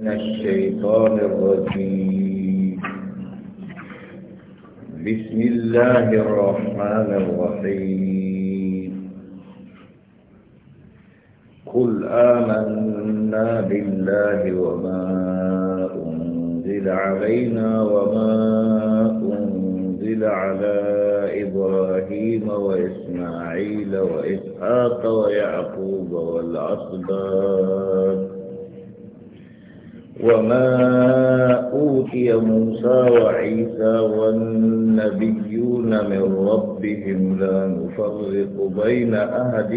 من الشيطان الرجيم بسم الله الرحمن الرحيم قل آمنا بالله وما أنزل علينا وما أنزل على إبراهيم وإسماعيل وإسحاق ويعقوب والأصباب وما أوتي موسى وعيسى والنبيون من ربهم لا نفرق بين أحد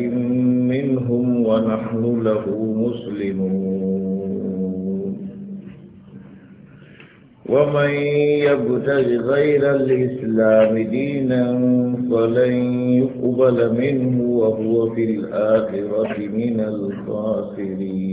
منهم ونحن له مسلمون ومن يبتغ غير الإسلام دينا فلن يقبل منه وهو في الآخرة من الخاسرين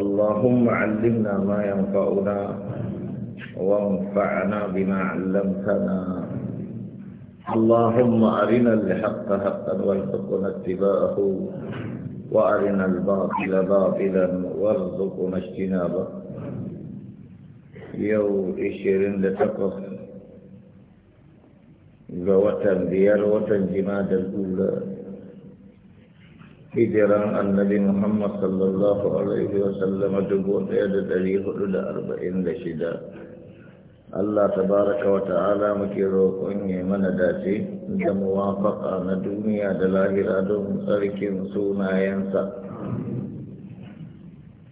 اللهم علمنا ما ينفعنا وانفعنا بما علمتنا اللهم أرنا الحق حقا وارزقنا اتباعه وأرنا الباطل باطلا وارزقنا اجتنابه يوم إشيرين لتقف لوتن ديال وتن جماد الأولى hijiran annabi Muhammad sallallahu alaihi wasallam dubu ɗaya da ɗari arba'in da shida. Allah tabaraka wa ta'ala muke roƙon ya mana dace da muwafaƙa na duniya da lahira don tsarkin sunayensa.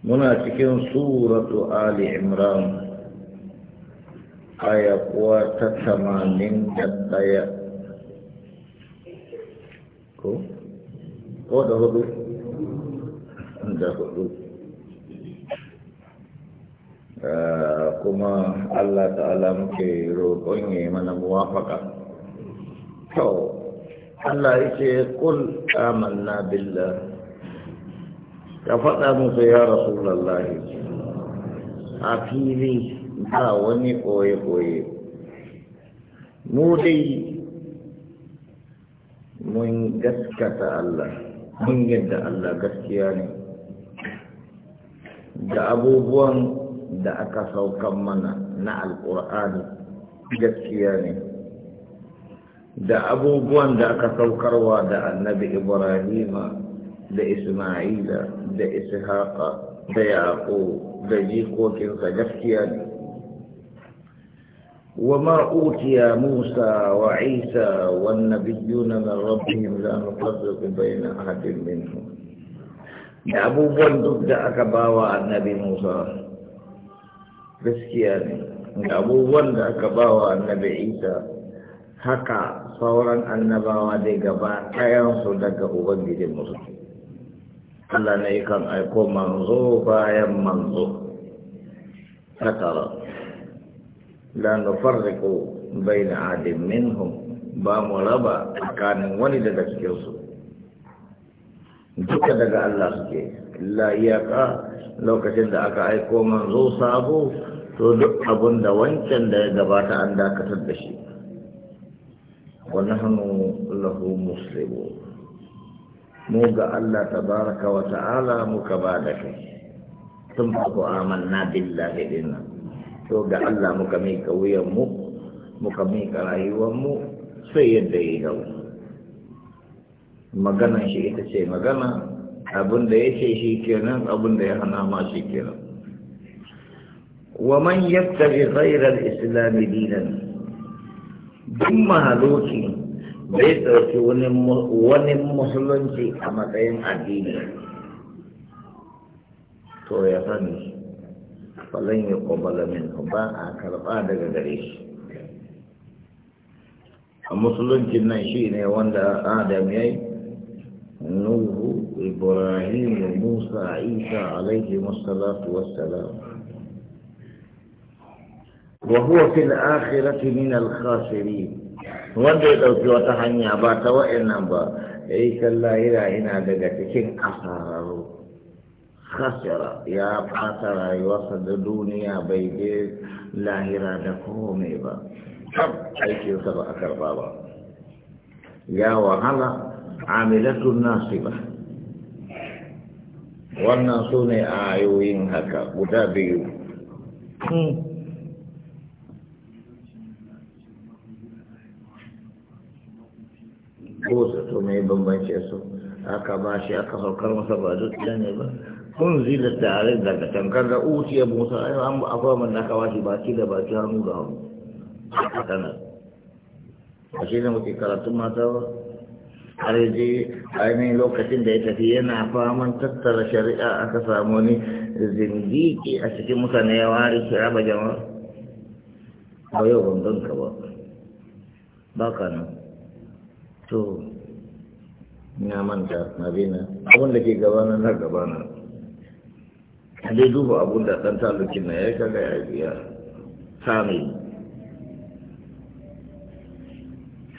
Muna cikin suratu Ali Imran aya kuwa ta tamanin da ɗaya. ko da hudu da hudu ah, kuma Allah ta'ala muke roƙon ya mana muwafaka to Allah yake kul amanna billah ka faɗa musu ya rasulallah, a fili ba wani ɓoye ƙoye mu dai mun gaskata Allah mun yadda Allah gaskiya ne da abubuwan da aka saukan mana na alƙur'ani gaskiya ne da abubuwan da aka saukarwa da annabi ibrahima da isma'ila da ishaqa da yaqub da jikokinsa gaskiya ne وما أوتي موسى وعيسى والنبيون من ربهم لا نفرق بين أحد منهم da abubuwan duk da aka ba wa annabi musa gaskiya ne da abubuwan da aka ba wa annabi isa haka sauran annabawa dai gaba ɗayansu daga ubangijin musu Allah ne kan aiko manzo bayan manzo ta tara la nufarriqu baina adin minhum ba mu raba tsakanin wani daga cikin su duka daga Allah suke la iyaka lokacin da aka aiko manzo sabo to duk abun da wancan da ya gabata an dakatar da shi wa lahu muslimun mu ga Allah tabaraka wa ta'ala muka ba da tun amanna billahi to ga Allah muka mika mu muka mika rayuwanmu sai yadda ya gau maganan shi ita ce magana abin da ya ce shi kenan abin ya hana ma shi kenan wa man yattabi ghayra al-islam dinan duk mahaloki bai ɗauki wani musulunci a matsayin addini to ya sani falon ya kwabala min ba a karɓa daga gare shi a musuluncin nan shi ne wanda adam ya yi nuhu ibrahim musa isa alaihi wasu wassalam wa huwa fil akhirati min al khasirin wanda ya ɗauki wata hanya ba ta wa'annan ba ya yi sallah yana daga cikin asararru khasira ya fata rayuwarsa da duniya bai je lahira da komai ba kam aikinsa ba a karba ba ya wahala amilatun ba. wannan su ne a ayoyin haka guda biyu ko su to mai bambance su aka ba shi aka saukar masa ba duk ne ba kun zila tare daga tankar da ya musa ai an ba akwai mun naka washi baki da baki hannu da hannu kana a shi ne muke karatun mata ba har je ainihin lokacin da ya tafi yana faman tattara shari'a aka samu ne zindiki a cikin mutane ya ware shi raba jama'a Ba yau ban ka ba ba ka nan to na manta na bina abin da ke gabana na gabana ka dai duba abun da ɗan talukin na ya kaga ya biya sami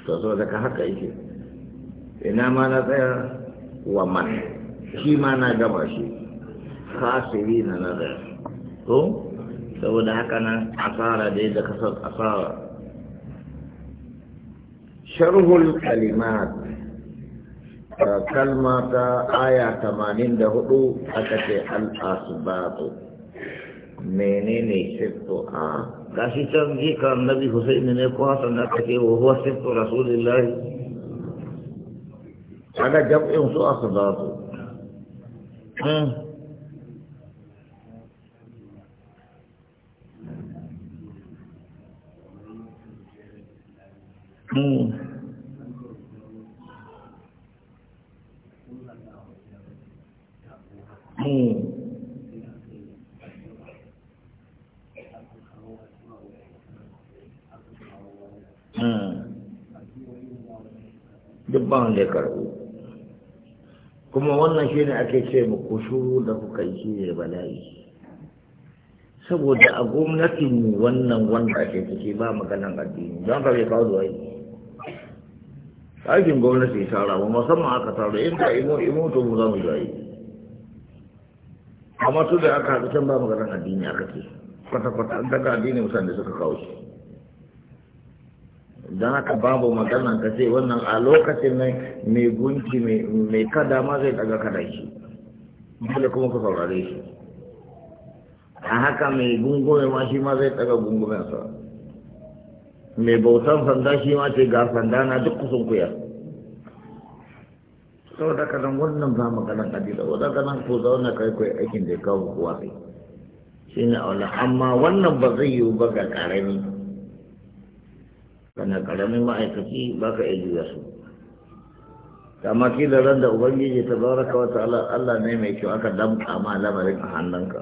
to so daga haka yake ina ma na tsaya wa man shi ma na gaba shi fasiri na na tsaya to saboda haka nan asara dai da kasar asara sharhul kalimat Eh, kalma ta aya tamanin da hudu aka ce al'asibatu menene sifto a ah, gashi can jika nabi husaini ne ko hasan da aka ce wa huwa sifto rasulillahi kaga jam'in su asibatu Hmm. hmm. Hmm. Hmm. duk ba wanda ya karɓo kuma wannan shi ne ake ce muku shuru da kuka yi shi ne bala'i saboda a gwamnatin wannan wanda ake ciki ba maganan addini don ka bai kawo zuwa aikin gwamnati tara rawa musamman aka tara inda imoto mu za mu zuwa yi amma su da aka haɗu can ba ganin addini aka ce kwata-kwata an daga addini da suka kawo shi don haka babu maganar ka ce wannan a lokacin nan mai gunki mai kada ma zai daga kada shi dole kuma ka saurare shi a haka mai gungume ma shi ma zai daga gungumensa mai bautan sanda shi ma ce ga sanda na duk kusan kuyar saboda ka kanan wannan ba maganan kabila wadda ka nan ko zauna kai kai aikin da ka kawo sai shi ne aula amma wannan ba zai yiwu ba ga karami kana karamin ma'aikaci ba ka iya juya su kama kila ran da ubangiji ta baraka wa ta'ala Allah ne mai kyau aka damka ma lamarin a hannunka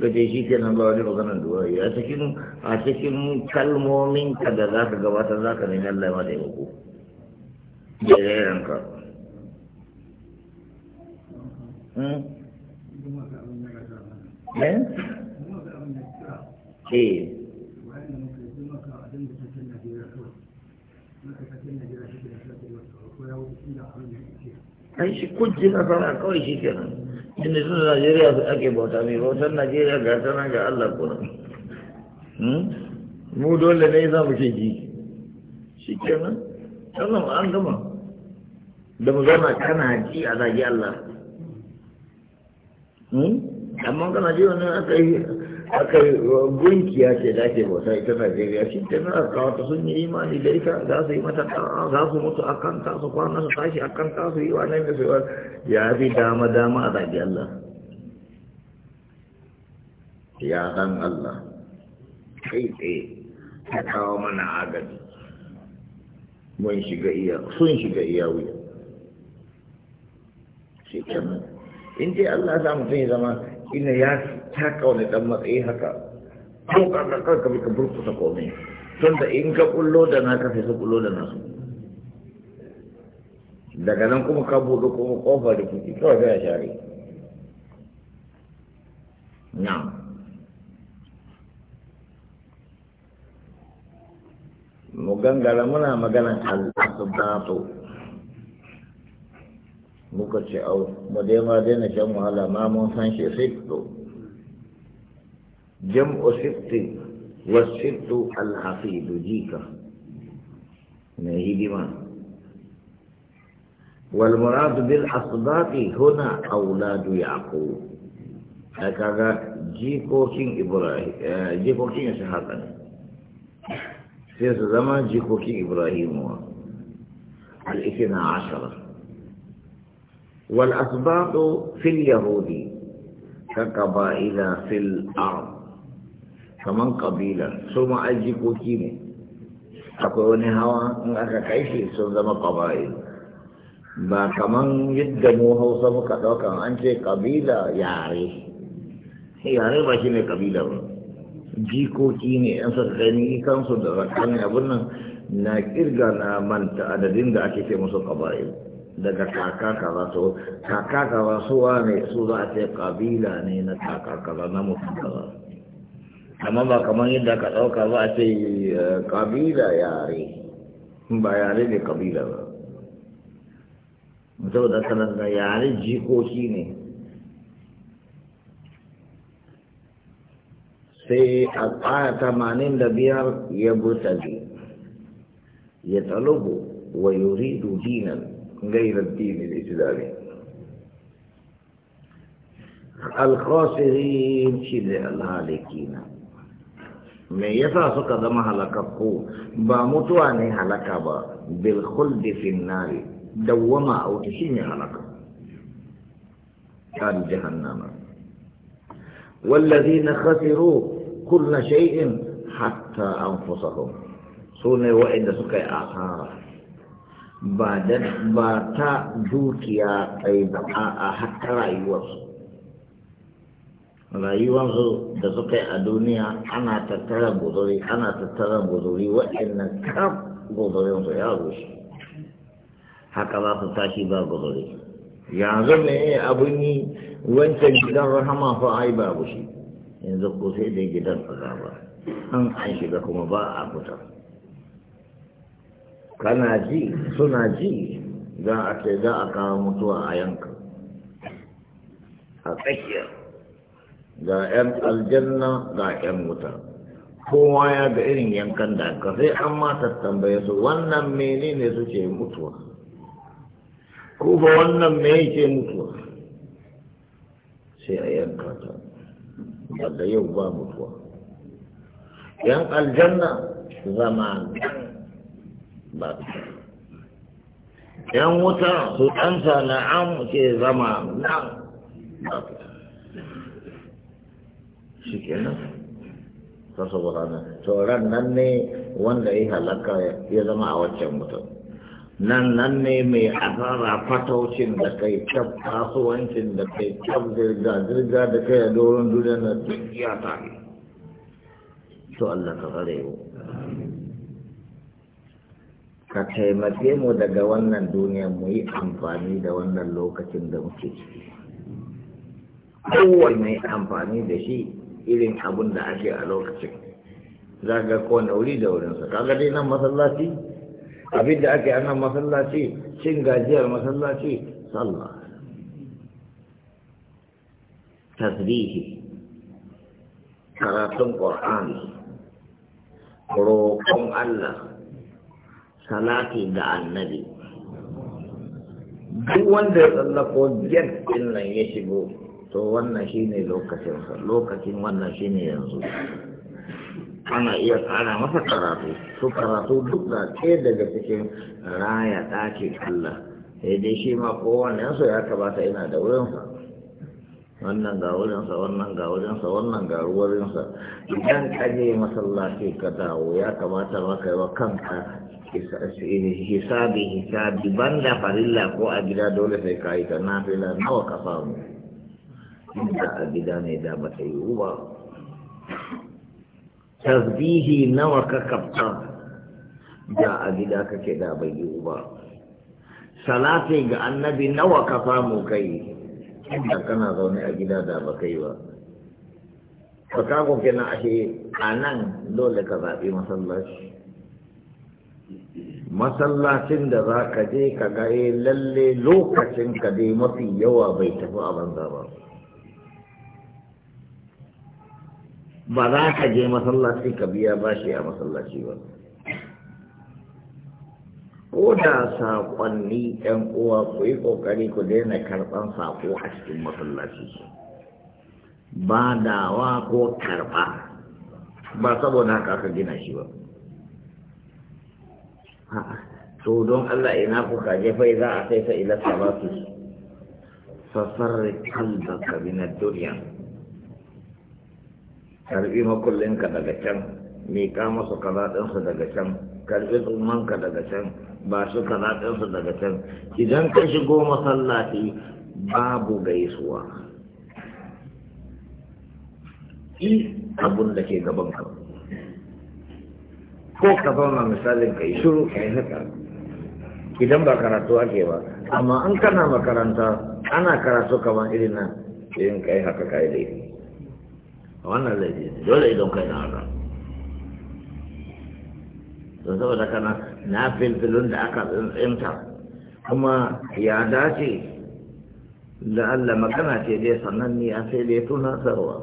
ka je shi ke nan ba wani maganar duwa a cikin a cikin kalmomin ka da za ka gabatar za ka nemi Allah ya ma taimako da yayanka Hmm? Eh? eh ai shi kujin asara kawai shi nan inda sun najeriya su ake bauta mai bautar najeriya ga sana ga allah kuna hmm? mu dole ne za mu ke ji shi nan sannan an gama da mu zama kana ji a zagi allah Hmm? amma kana ji wani aka yi aka yi gunkiya ce da ake bauta ita Najeriya shi ta nuna kawata sun yi imani da ita za su yi mata ta'a za su mutu a kan tasu kwana su tashi a kan tasu yi wa nan da ya fi dama dama a zagi Allah ya dan Allah kai tsaye ta kawo mana agaji mun shiga iya sun shiga iya wuya shi kenan in dai Allah ya mutum ya zama ina ya ta wani dan matsayi haka ko ka karka bi ka burkuta komai tun da in ka kullo da na ka sai su kullo da nasu daga nan kuma ka buɗe kuma kofa da kuke kawai sai ya share na mu gangara muna maganan al'asubatu muka ce au mu dai ma daina shan wahala ma mun san shi sifto jam'u sifti wa sittu alhafidu jika mai hidima والمراد بالأصداق هنا أولاد يعقوب هكذا جيكوكين إبراهيم جيكوكين شهادة في زمان جيكوكين إبراهيم الاثنى عشرة والأسباط في اليهود كقبائل في الأرض كمان قبيلة ثم hawa in aka هوا أنك كيشي ثم قبائل ba kaman yadda mu hausa muka ɗauka an ce ƙabila yare yare ba shi ne ƙabila ba jikoki ne yan sassani kansu da rakan abin nan na kirga na manta adadin da ake ce musu ƙaba'il daga kaka kaza to kaka kaza su wane su za a ce kabila ne na kaka kaza na mutum kaza amma ba kamar yadda ka ɗauka ba a ce eh, kabila yare ba yare ne kabila ba mutum da sanar da yare jikoki ne sai a tsaya tamanin da biyar ya burtaje ya talubu wa yuridu dinar غير الدين الإسلامي الخاسرين شد الهالكين من يفاسق دم هلكه بموتوان هلك با بالخلد في النار دوما أو تشين هلك كان جهنم والذين خسروا كل شيء حتى أنفسهم سنة وإن سكي آثار ba ta dukiya tsaye ba a hatta rayuwarsu rayuwarsu da suka yi a duniya ana tattara guzuri ana tattara guzuri waɗannan kaf ya rushe haka za su tashi ba guzuri yanzu ne abin yi wancan gidan rahama fa ai babu shi yanzu ko sai dai gidan azaba an an shiga kuma ba a fita kana ji suna ji za a ce za a kawo mutuwa a yanka a tsakiya ga 'yan aljanna ga 'yan wuta kowa ya ga irin yankan da ka sai an mata tambaye su wannan menene su ce mutuwa ko ba wannan me yake mutuwa sai a yanka ta daga yau ba mutuwa 'yan aljanna zama ba yan wuta su ɗansa na an ke zama nan ba shi nan ta saboda nan tsoron nan ne wanda ya halaka ya zama a waccan mutum nan nan ne mai asara fataucin da kai cab kasuwancin da kai cab zirga zirga da kai a doron duniya na duk ya tare to Allah ka tsare yau ka taimake mu daga wannan duniya mu yi amfani da wannan lokacin da muke ciki mai amfani da shi irin abin da ake a lokacin za ga kowane wuri da wurinsa kaga dai nan masallaci abin da ake a nan masallaci cin gajiyar masallaci sallah tasbihi karatun ƙur'ani roƙon Allah salati ga annabi duk wanda ya tsallako get din nan ya shigo to wannan shine lokacin sa lokacin wannan shine yanzu ana iya tsara masa karatu su karatu duk da ke daga cikin raya ɗaki Allah sai dai shi ma kowane yansu ya kamata ina da wurinsa wannan ga wurinsa wannan ga wurinsa wannan ga wurinsa idan ka je masallaci ka dawo ya kamata maka yi wa kanka hisabi hisabi banda farilla ko a gida dole sai ka yi ta nafila nawa ka samu inda a gida ne da ba ta yi ba tasbihi nawa ka kafta da a gida kake da bai yi ba salati ga annabi nawa ka samu kai inda kana zaune a gida da ba kai ba ba kago kenan ashe a nan dole ka zaɓi masallaci masallacin da za ka je ka ga eh, lalle lokacin ka dai mafi yawa bai tafi a banza ba ba za ka je masallaci ka biya bashi a masallaci ba ko da saƙonni ɗan uwa ku yi ƙoƙari ku daina karɓan saƙo a cikin masallaci ba dawa ko karɓa ba saboda haka aka gina shi ba to don Allah ina ku kaje fai za a sai ta ila sabatu fasarri kalbaka min ad-dunya karbi makullin ka daga can miƙa masa kaza ɗinsu daga can karbi tsumanka daga can ba su karatunsu daga can idan ka shigo masallaci babu gaisuwa i abun da ke gaban ka ko ka zauna misalin ka yi shuru ka yi haka idan ba karatu ake ba amma an kana makaranta ana karatu kamar irin nan irin ka yi haka ka yi laifi a wannan laifi dole idan ka yi na haka don saboda kana na filfilun da aka tsinta kuma ya dace da Allah magana ce dai sannan ni a sai dai sarwa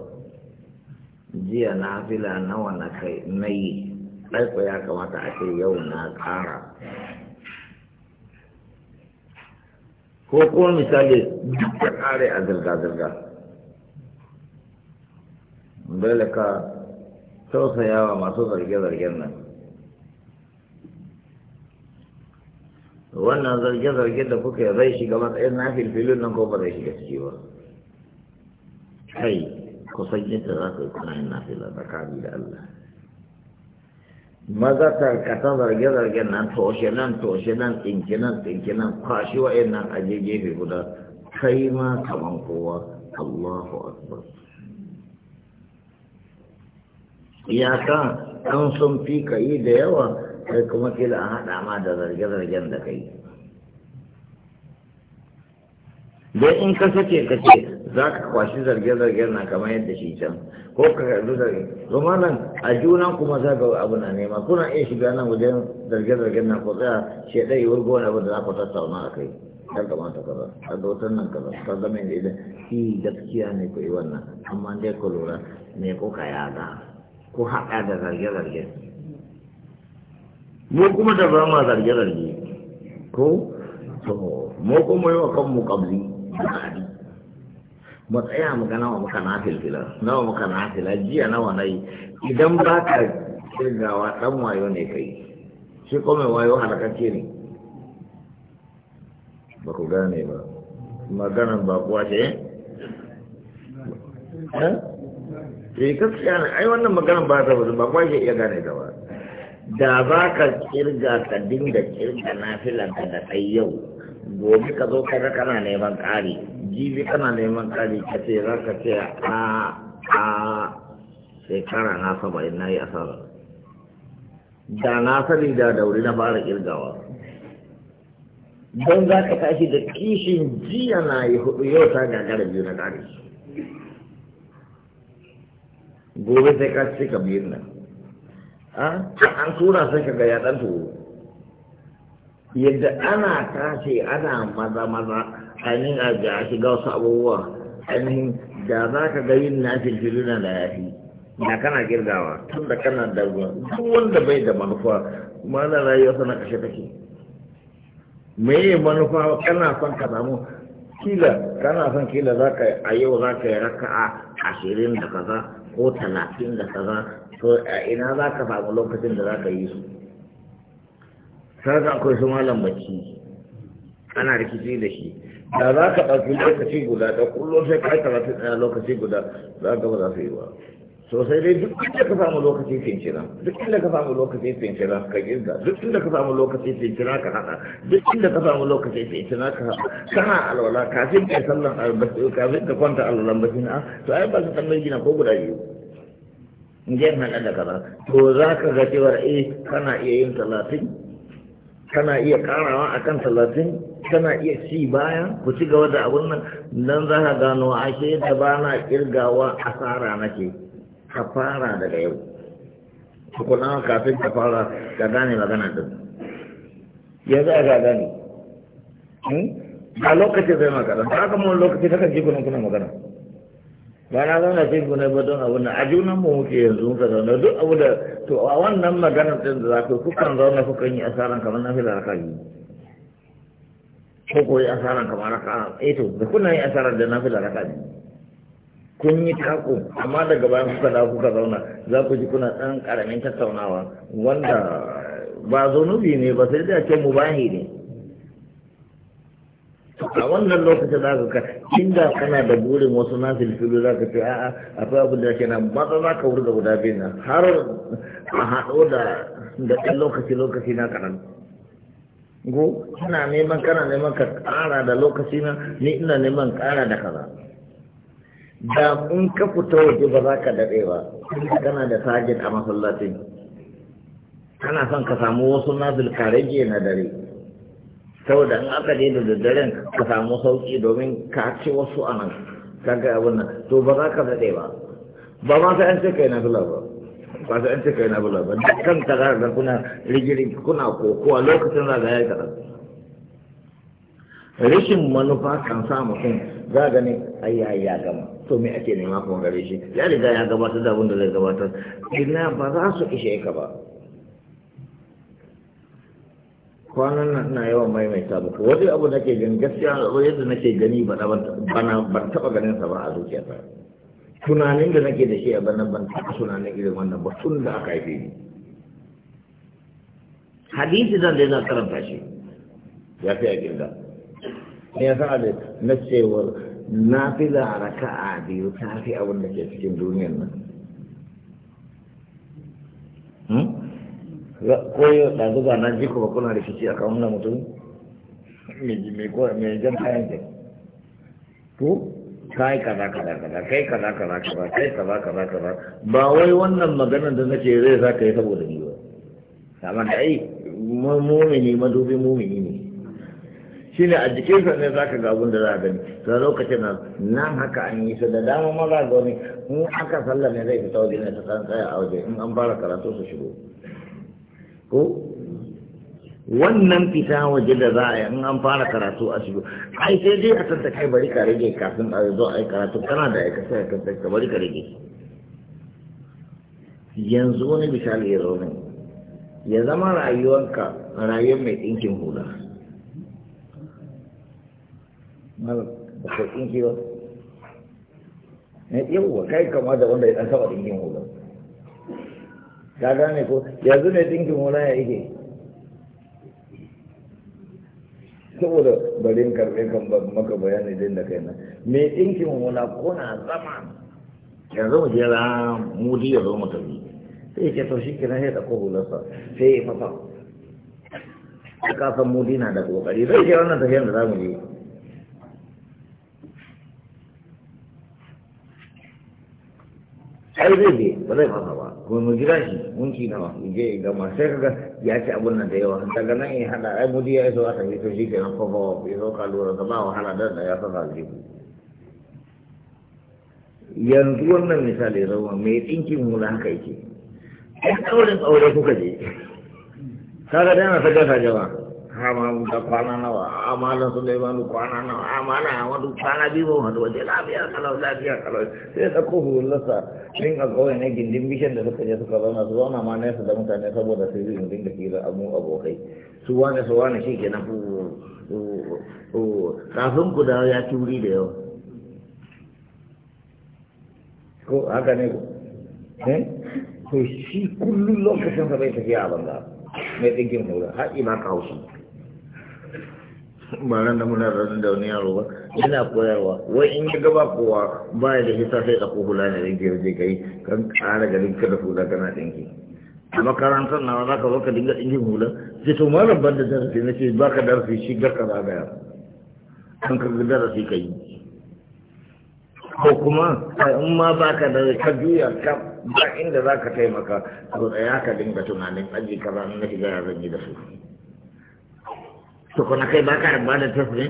jiya na fila nawa na kai na yi ɗaiko ya kamata a ce yau na ƙara ko kuma misali duk da ƙare a zirga-zirga dole ka tausayawa masu zarge-zargen nan wannan zarge-zarge da kuka yi zai shiga matsayin na filfilin nan ko ba zai shiga ciki ba kai kusan yadda za ka yi kuna yin nafila tsakani da Allah maza tarkatan zarge-zargen nan toshe nan toshe nan tsinki nan tsinki nan kwashi wa'in nan aje gefe guda kai ma kaman kowa Allahu Akbar iyaka an sun fi ka yi da yawa sai kuma kila an haɗa ma da zarge-zargen da kai don in ka sake ka ce za ka kwashi zarge-zargen na kamar yadda shi can ko ka karbi zarge kuma nan a juna kuma za ga abu na nema kuna iya shiga nan wajen zarge-zargen na ko tsaya shaidai wurgo wani abu da za ku tattauna a kai ya kamata kaza a dotan nan kaza ta zama yadda idan shi gaskiya ne ku yi wannan amma dai ku lura me ka yaga ku haɗa da zarge-zargen mu kuma da ba ma zarge-zarge ko to mu kuma yi wa kanmu kabli mu tsaya mu gana wa muka na filfila nawa muka na filfila jiya na na nai idan ba ka kirgawa dan wayo ne kai shi kuma wayo halakacce ne ba ku gane ba maganan ba kuwa ce eh, eh gaskiya ne ai wannan maganan ba ta ba kuwa ke iya gane ta ba da ba ka kirga ka dinga kirga na nafilanka da tsaye yau gobe ka zo kaga kana neman ƙari jibi kana neman ƙari ka ce za ka ce a a shekara na in na yi asara da na sani da dauri na fara kirgawa don za ka tashi da kishin jiya na yi hudu yau ta gagara biyu na ƙari gobe sai ka ce ka biyu na an tura sai kaga ya dan turo yadda ana tashi ana maza maza ainihin a ga shiga wasu abubuwa ainihin da za ka ga yin na filfilu na ya fi da kana girgawa tun da kana da duk wanda bai da manufa na rayuwa na kashe take yi manufa kana son ka samu kila kana son kila za ka a yau za ka yi raka'a ashirin da kaza ko talatin da kaza to a ina za ka samu lokacin da za ka yi su sai akwai su malam baki ana rikici da shi da za ka ɗauki lokaci guda da kullum sai ka karatu ɗaya lokaci guda za ka ba za su yi ba sosai dai duk inda ka samu lokaci fincira duk inda ka samu lokaci fincira ka girga duk inda ka samu lokaci fincira ka haɗa duk inda ka samu lokaci fincira ka haɗa kana alwala kafin ka sallan albasu kafin ka kwanta alwalan basina to ai ba ka san gina ko guda biyu Ngen haɗa da kaza to za ka ga cewar eh kana iya yin talatin kana iya karawa akan talatin kana iya ci baya ku ci gaba da abun nan nan za ka gano ashe da ba na kirgawa asara nake ka fara daga yau tukuna kafin ka fara ka gane magana din yanzu a ga gane hmm? a lokacin zai magana ta haka mun lokaci kakan ji kunan kuna magana ba na zauna sai ku ba don abin a junan mu muke yanzu muka zauna duk abu da to a wannan magana ɗin da za ku kukan zauna kan yi asaran kamar na fila raka biyu ko ko yi asaran kamar raka eh to da kuna yi asaran da na fila raka biyu kun yi kaku amma daga bayan kuka dawo kuka zauna za ku ji kuna ɗan ƙaramin tattaunawa wanda ba zunubi ne ba sai da ke mubahi ne a wannan lokacin za ka inda kana da burin wasu na filfilu za ka ce a'a akwai abin da ke nan ba za ka wuri da guda biyu nan har a haɗo da da ɗan lokaci lokaci na kaɗan go kana neman kana neman ka ƙara da lokaci na ni ina neman ƙara da kaza da in ka fita waje ba za ka daɗe ba kana da sajin a masallacin kana son ka samu wasu na filkare na dare saboda an aka je da daddaren ka samu sauki domin ka ci wasu a nan ka ga abin nan to ba za ka zaɗe ba ba ma sai an ce kai na bula ba ba sai an ce kai na bula ba duk kan ka zara kuna rigiri kuna kokowa lokacin za ga yi kaɗan rashin manufa kan sa mutum za ga ne ai ya gama to me ake nema kuma gare shi ya riga ya gabatar da abin da zai gabatar ina ba za su ishe ka ba kwanan nan na yawan maimaita muku wani abu da ke gani gaskiya yadda nake gani bana ban taɓa ganin sa ba a zuciyata tunanin da nake da shi a bana ban taba tunanin irin wannan ba tun da aka haife ni hadisi zan da yana karanta shi ya fi a girga ne ya sa'a da na cewar na fi raka a biyu ta fi abin da ke cikin duniyar nan hmm? ko da ba na ji ba kuna rikici a kan wannan mutum mai jan kayan ke to kai kaza kaza kaza kai kaza kaza kaza kai kaza kaza kaza ba wai wannan maganar da nake zai za ka yi saboda ni ba amma da ai mumini madubi mumini ne shine a jikin sa ne ka ga abin da za a gani to lokacin nan nan haka an yi su da dama maza ga wani in aka sallah ne zai fita waje ne ta san tsaya a waje in an fara karatu su shigo ko wannan fita waje da za a yi in an fara karatu a shigo ai sai dai a tanta kai bari ka rage kafin a zo a yi karatu kana da aikace aikace ka bari ka rage yanzu wani misali ya zo min ya zama rayuwanka rayuwar mai ɗinkin hula ba kai ɗinki ba eh, yawwa kai kama da wanda ya ɗan saba ɗinkin hula ka gane ko yanzu ne dinkin wala ya ike saboda bari in karɓe kan maka bayani din da kai na me dinkin ko na zama yanzu mu je ra mu di yanzu mu tafi sai ke to shi kina sai da ko sa sai ya fafa ka san mu na da kokari zai ke wannan tafiyar da za mu je ai zai je ba zai fasa ba ko mu jira shi ci nawa mu je ga ma sai kaga ya ci abun nan da yawa daga nan ya hada ai mu ya zo aka yi to shi kenan ko ba ya zo ka lura da ba wahala da ya zai aljihu yanzu wannan misali rawa mai tsinkin da haka yake ai tsaurin tsaure kuka je kaga dana ta gasa jama'a hama da kwana nawa amalan sulaimanu kwana nawa amalan amadu kwana biyu ba wanda waje lafiya kalau lafiya kalau sai ta kofu lasa din a kawai ne gindin bishan da suka je suka zauna su zauna ma nesa da mutane saboda su yi in dinga hira abu abokai su wane su wane shi kenan ku kafin ku da ya ci wuri da yawa ko haka ne ku eh to shi kullum lokacin sa bai tafiya a banza mai tsinkin hula har ima kawo shi ba ran da muna ranar da wani yaro ba yana koyarwa wai in ya gaba kowa ba ya da hita sai ɗauko hula ne rinke rinke kai kan kara garin ka da hula kana dinki a makarantar nawa za ka zo ka dinga ɗinkin hula sai to malam ban da darasi na ce ba ka darasi shi garka za ka an ka ga darasi ka yi ko kuma in ma ba ka da ka juya ka ba inda za ka taimaka to tsaya ka dinga tunanin aji kaza na shiga zan yi da su to kai ba ka bada da tasiri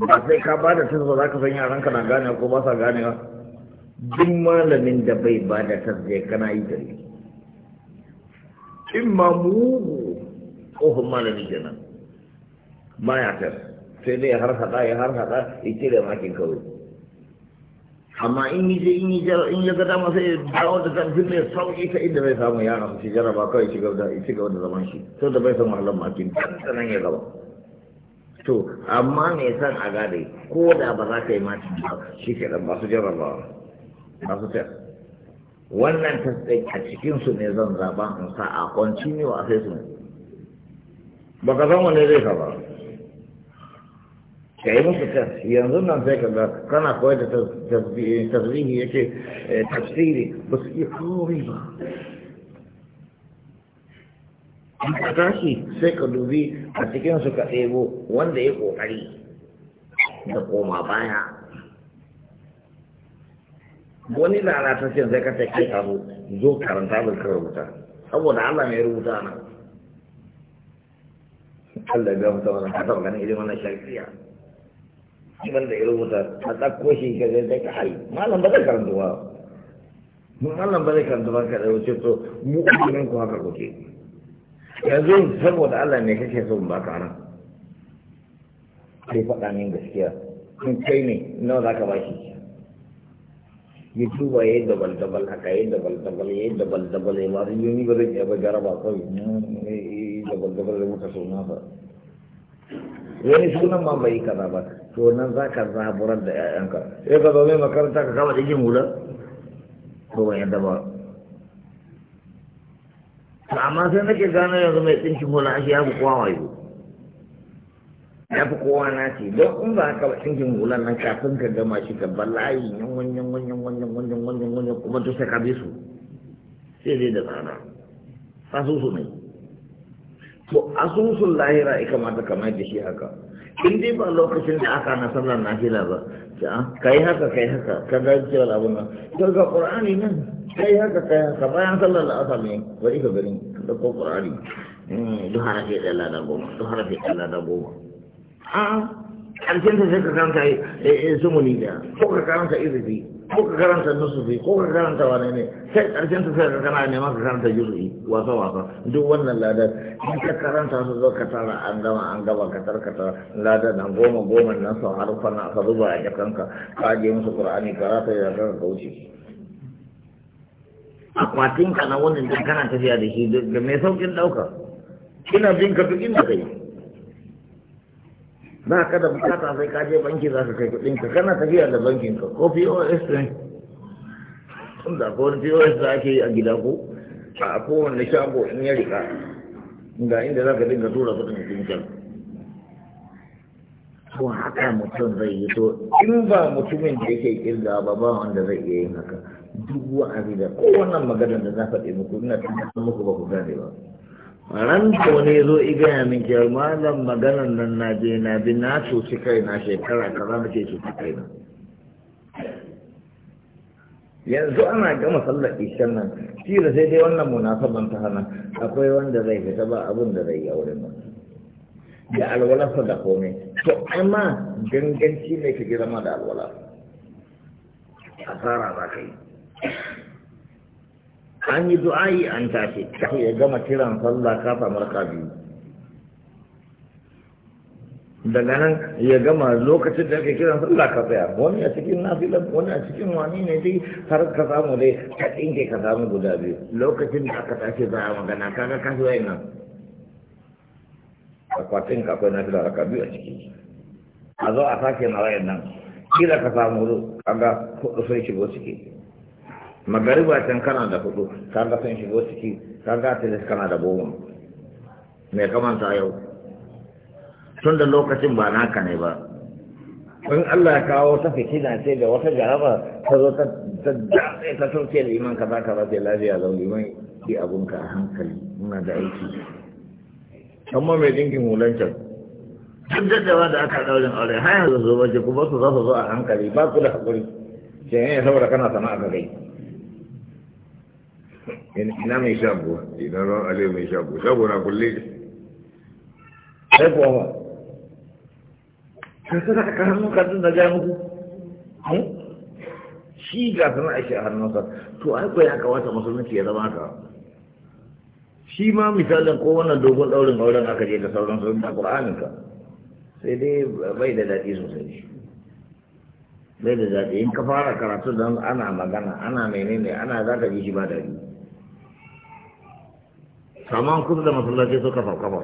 ba sai ka bada da tasiri za ka san yaran ka na gane ko ba sa ganewa duk malamin da bai bada da tasiri kana yi gari in ma mugu tsohon malami kenan ba ya tasiri sai dai har hada ya har hada ya cire makin kawai amma in yi je in yi in ya gada masa ya dawo da zarfin mai sauki ta inda bai samu yara su ci jaraba kawai ci gaba da ci gaba da zaman shi to da bai san wahalar makin nan ya gaba to amma me san a gade ko da ba za ka yi makin ba shi ke dan masu su jaraba ba su ta wannan ta a cikin su ne zan zaba in sa a continue a sai su ba ka san ne zai ka ba ka yi musu yanzu nan sai ka ga kana koyar da tasbihi yake eh, tafsiri ba su iya komai ba in ka tashi sai ka dubi a cikinsu ka ɗebo wanda ya ƙoƙari da koma baya wani lalatacin sai ka sai kai abu zo karanta da ka rubuta saboda Allah mai rubuta nan Allah ya ga mutum wannan ka taɓa ganin irin wannan shari'a wanda ya rubuta a ɗauko shi ka zai zai ka hai malam ba zai karanta ba malam ba zai karanta ba ka da wuce to mu umarnin ku haka kuke yanzu saboda Allah ne kake so ba ka nan sai faɗa min gaskiya in kai ne nawa za ka ba shi ya duba ya yi dabal dabal haka ya yi dabal dabal ya yi dabal dabal ya ba masu yomi ba zai iya ba jaraba kawai ya yi dabal dabal da muka so nasa wani sunan ma bai kaza ba to nan za ka zaburar da 'ya'yanka sai ka zo mai makaranta ka kama jikin hula to ban yadda ba to amma sai nake gano yanzu mai tsinkin hula shi ya fi kowa wayo ya fi kowa na ce don in ba ka tsinkin hulan nan kafin ka gama shi ka layi yan wanyan wanyan wanyan wanyan wanyan kuma to sai ka bi su sai dai da tsada sasu su ne to asusun lahira ya kamata kamar da shi haka in dai ba lokacin da aka na sallar nafila ba ah, ka yi haka ka yi haka ka ga cewa abun nan to ga qur'ani nan ka yi haka ka yi haka bayan sallar la'asar ne bari ka gani da ko qur'ani hmm, duk harafi ɗaya da goma duk harafi ɗaya lada goma a ah, ƙarshen ta sai ka kanta eh, eh, sumuni da ko ka kanta izifi ko ka karanta nusufi ko ka karanta wani ne sai karshen ta sai ka kana neman ka karanta juzu'i wasa wasa duk wannan ladar in ka karanta su zo ka tara an gama an gaba ka tarkata ladar nan goma goma nan sau harfa na ka zuba a jakanka ka je musu qur'ani karata ya ka kauce akwatin ka na wannan kana tafiya da shi da mai saukin dauka ina bin ka duk inda kai na ka da bukata sai ka je banki za ka kai kudin ka kana tafiya da bankin ka ko POS ne tunda ko POS da ake yi a gida ko a shago in ya rika ga inda za ka dinga tura kudin kudin can ko haka mutum zai yi to in ba mutumin da yake kirga ba ba wanda zai iya yin haka duk wa'azi da kowannan maganar da za ka faɗi muku ina tunanin muku ba ku gane ba ran da wani zo igaya min ke malam maganan nan na je na bi na cuci kai na shekara kaza na ke cuci kai na yanzu ana gama sallar ishan nan shi da sai dai wannan munafaban ta hana akwai wanda zai fita ba abin da zai yi wurin nan da alwalarsa da komai to amma ganganci ne ka girma da alwala asara za ka yi an yi du'ayi an tashi kafin ya gama kiran sallah ka samu biyu daga nan ya gama lokacin da ake kiran sallah ka tsaya wani a cikin nafilan wani a cikin wani ne dai har ka samu dai ka tsinke ka samu guda biyu lokacin da aka tashi za a magana kaga ka shi wayan nan akwatin ka akwai nafila raka biyu a ciki a zo a sake na wayan nan kila ka samu kaga kuɗu sai shigo ciki magariba can kana da hudu kaga sun shigo ciki kaga tilis kana da goma mai kamanta yau tun da lokacin ba naka ne ba in Allah ya kawo ta fitina ce da wata jaraba ta zo ta daɗe ta sauke da iman kaza kaza ce lafiya zau liman ki abun a hankali muna da aiki amma mai dinkin hulan duk daddawa da aka daurin aure har yanzu zo ba kuma su za su zo a hankali ba ku da hakuri ke yin saboda kana sana'a ka kai ina mai shago ina ran aliyu mai shago shago na kulle sai kuwa ba sai suka ka hannun kantin da gaya muku eh? shi ga sana a hannun sa, to ai ya kawata musulunci ya zama haka shi ma misalin ko wannan dogon daurin auren aka je da sauran sun da qur'aninka sai dai bai da dadi sosai bai da dadi in ka fara karatu dan ana magana ana menene ana za ka ji shi ba dadi. saman kusa da masallaci kafa kafa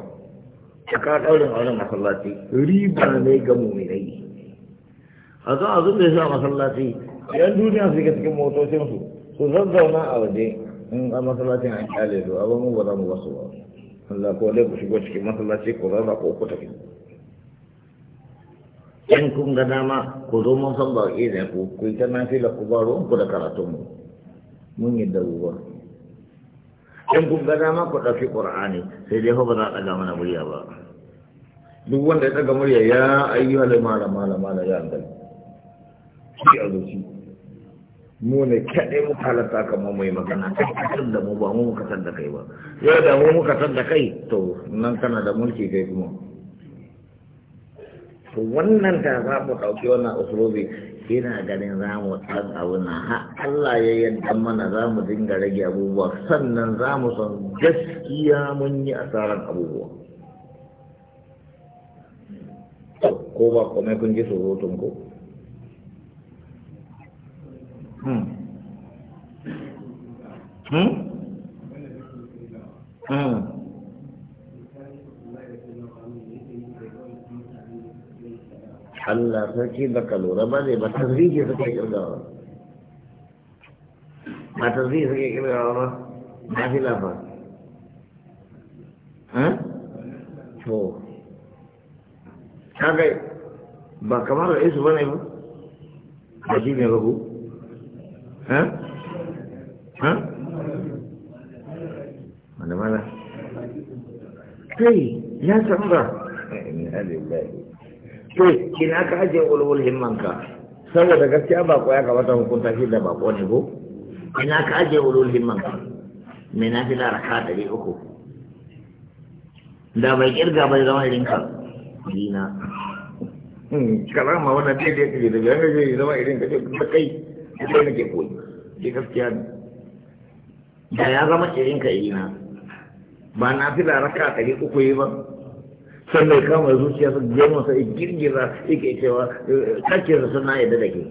a ka a wajen masallaci riba ne ga muminai a zo a zuɗe shi a masallaci yan duniya su ke cikin motocinsu su zazzauna a waje in a masallacin an kyale su a mu ba za mu basu ba Allah ko dai ku shigo cikin masallaci ko zama ko ku tafi in kun ga dama ku zo mun san ba ne ku ku yi ta nafila ku ba ku da karatunmu mun yi da daruwa in kun ga dama ku ɗauki ƙur'ani sai dai ba za a ɗaga mana murya ba duk wanda ya ɗaga murya ya ayyu halin mala mala ya gani shi a zuci mu ne kaɗai mu halatta kamar mai magana kai kasar da mu ba mu muka san da kai ba yau da mu muka san da kai to nan kana da mulki kai kuma to wannan da za mu ɗauki wannan usulobi ina ganin za mu ɗan abu na ha Allah ya yadda mana za mu dinga rage abubuwa sannan za mu san gaskiya mun yi asarar abubuwa ko ba kome kun ji surutun ko hmm hmm, hmm? حل سچی د کلوره باندې ما تذریجه پکې کړو ما تذریجه پکې کړو ما دی لا په ها هو څنګه با کمر ایس باندې ما دې نه وګو ها ها منه منه کوي یا څنګه ان هذه الله ke kina ka aje ulul himmanka saboda gaskiya ba ya kamata hukunta shi da bako ne ko Kina ka aje ulul himmanka me na fi laraka ɗari uku da bai kirga bai zama ka. dina hmm, kalama wannan daidai kake da gane zai zama irinka da kai da kai nake koyi Ki gaskiya ne da ya zama irinka na. ba na fi laraka ɗari uku yi ba sannan ya kama zuciya su girma sai girgira yake cewa kacce da suna yadda da ke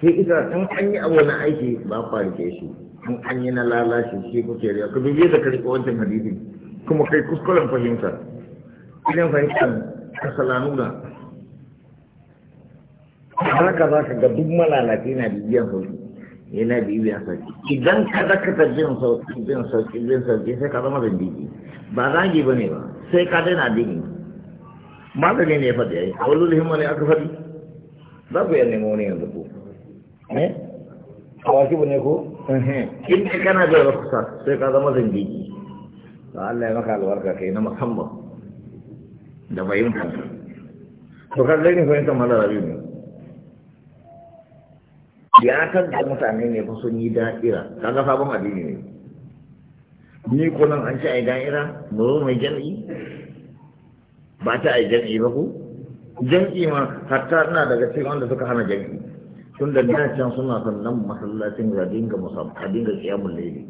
sai isa tun an yi abu na aiki ba kwa ke shi tun an yi na lalashi shi kuke riya ku dubi da karɓi wancan hadisi kuma kai kuskuren fahimta idan fahimtar kasalanu da haka za ka ga duk malalaci na bibiyan sauki yana bibiyan sarki idan ka dakata jin sauki jin sauki jin sauki sai ka zama zindigi ba zagi ba ne ba sai ka daina addini malami ne faɗi yi. a wani himma ne aka faɗi za ku iya mawani yanzu ko eh? a waki ba ne ko in ka kana da rukusa sai ka zama zindigi ba Allah ya maka albarka kai na musamman da bayin kanka to ka gani fahimtar malarabi ne ya da mutane ne fa sun yi da'ira ga sabon addini ne ni ko nan an ci ai da'ira mu zo mai jam'i ba ta ai jam'i ba ku jam'i ma hatta ina daga cikin wanda suka hana jam'i tun da na can suna son nan masallacin ga dinga musam a dinga kiyamun laili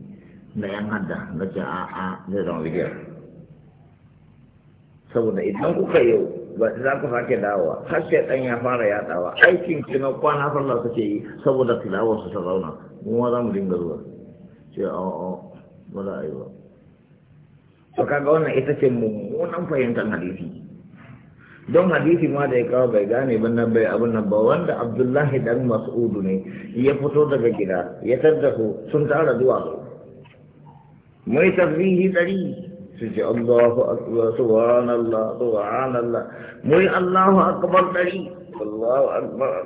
na yan hadda na ce a a zai zama bigiyar saboda idan kuka yau ba za ku sake dawowa har sai dan ya fara yadawa aikin ki na kwana sallah suke yi saboda tilawar su ta zauna mu ma za mu dinga zuwa ce a a ba za a yi ba wannan ita ce mummunan fahimtar hadisi don hadisi ma da ya kawo bai gane ba nan bai abin nan ba wanda abdullahi dan mas'udu ne ya fito daga gida ya tarda su sun tara duwatsu mai tasbihi dari su Allahu akbar subhanallah subhanallah mu Allahu akbar dari Allahu akbar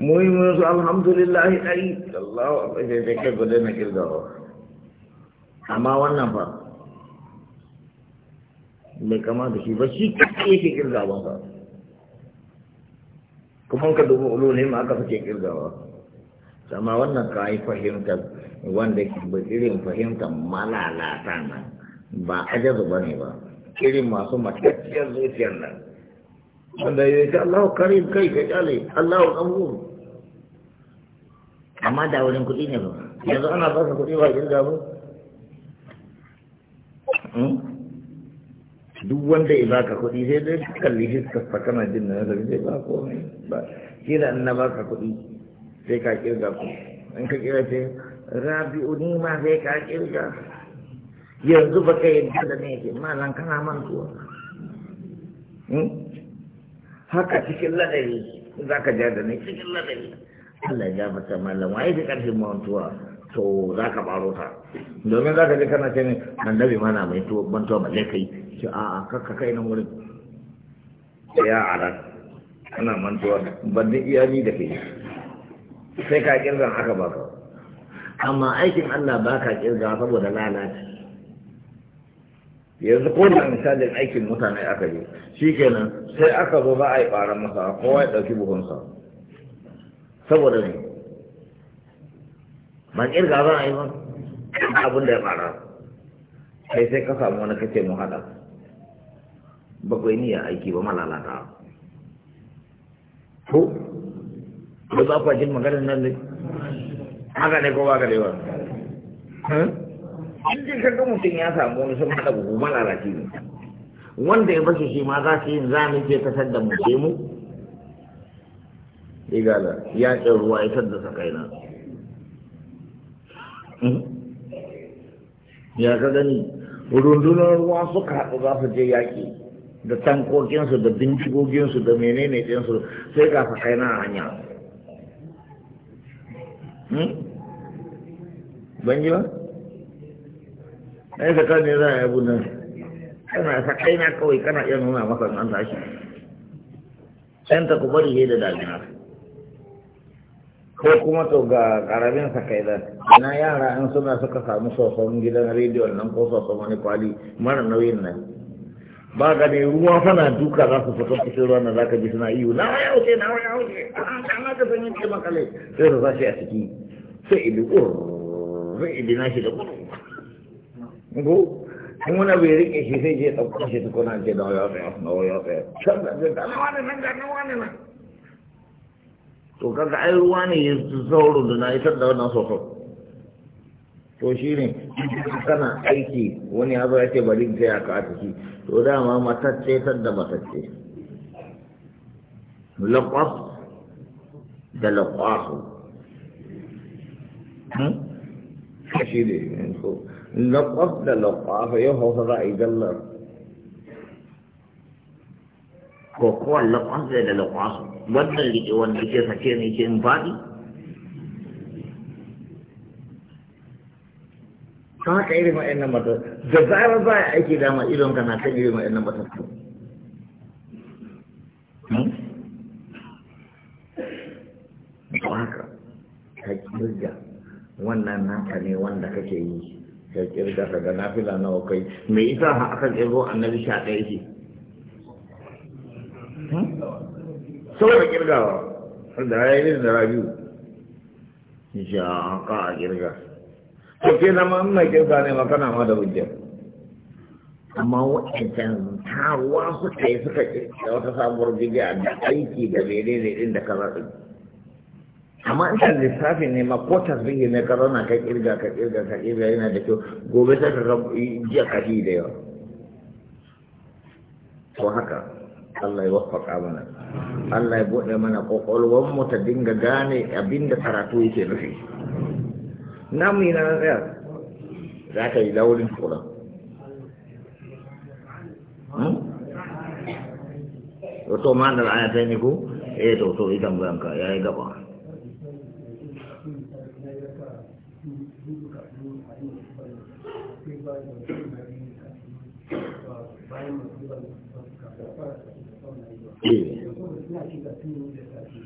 mu yi alhamdulillah dari Allahu akbar sai da kai gudu na kirgawa amma wannan fa bai kama da shi ba shi kake yake kirgawa ba kuma ka dubu ululin aka fice kirgawa sama wannan ka yi fahimtar wanda ke irin fahimtar malalata nan ba a ajazu ba ne ba irin masu matakiyar zuciyar nan wanda ya ce Allahu karim kai ka kyale Allahu ghafur amma da wurin kuɗi ne ba yanzu ana ba su kuɗi ba girga ba hmm? duk wanda ya baka kuɗi sai dai kalli fiskar sa na jin na zai ba komai ba kira in na baka kuɗi sai ka kirga ku in ka kira ce rabi'u ni ma sai ka kirga yanzu ba ka yadda da ne ke malan kana mantuwa hmm? haka cikin ladari za ka ja da ne cikin ladari Allah ya ta malam waye fi karfin mantuwa to za ka baro ta domin za ka je kana ce ne annabi mana mai tuwa ba zai kai a a'a kakka kai nan wurin ya aran ana mantuwa ban iya ni da kai sai ka kirgan ba ka, amma aikin Allah baka kirga saboda lalaci yanzu ko da misalin aikin mutane aka yi shi kenan sai aka zo za a yi ɓara masa kowa ya ɗauki buhunsa saboda ne ban ƙirga za a yi ba abin da ya ɓara sai sai ka samu wani kace mu haɗa bakwai niyya aiki ba malalata ko ba za ku jin maganin nan ne haka ne ko ba ka da yawa An ji kaga mutum ya samu wani sun haɗa buhu malalaci ne wanda ya bashi shi ma za su yi zamu ke ta da mu ke mu igala ya ƙin ruwa ya sadda sa kaina hmm? ya ka gani rundunar ruwa suka haɗu za su je yaƙi da tankokinsu da bincikokinsu da menene ɗinsu sai ga sa kaina a hanya hmm? ban ji ba ai saka ne za a yi abun nan kana sa kai na kawai kana iya nuna masa an tashi ɗan ta ku bari da damina ko kuma to ga karamin sa kai da ina yara in suna suka samu soson gidan rediyon nan ko soson wani kwali mara nauyin nan ba ga ne ruwa fana duka za su fito cikin ruwan da ka ji suna iyo na waya wuce na waya wuce ah, an kama ka san yake makale sai su sashi a ciki sai idu ur shi da ko in wani bai rike shi sai je ɗaukar shi tukuna ce da ya tsaya na ya tsaya can da zai gana wani nan gana wani nan to kaga ai ruwa ne ya zauro da na isar da wannan sosai to shi ne kana aiki wani ya zo ya ce bari ta ka a ciki to dama matacce ta da matacce lakwas da lakwasu hmm? shi ne laƙwaf da laƙwafa ya hausa za a yi gallar ko kowa laƙwaf da da laƙwasu wannan riƙe wanda ke sake ne ke in faɗi ta haka irin wa'annan matar da hmm? zarar ba a aiki dama idon kana iri irin wa'annan matar to haka ka kirga wannan naka ne wanda kake yi ka kirga ka ga nafila na kai me isa ha aka kirgo annabi sha ɗaya shi hmm? saboda kirgawa da ya yi da rabiu ya ka a kirga to ke zama an mai kirga ne na ma da hujjar amma wa'ancan taruwa suka yi suka kirga wata sabuwar bidiya da aiki da bere ne din da kaza ɗin amma in kan lissafi ne ma ko tasbihi ne ka zauna ka kirga ka kirga ka kirga yana da kyau gobe sai ka jiya ka ji da yawa to haka Allah ya waffaka mana Allah ya bude mana kokolwan mu ta dinga gane abinda karatu yake nufi namu yana nan tsaya za ka yi daurin tura hmm? to ma da ayatai ne ko eh to to idan bayanka yayi gaba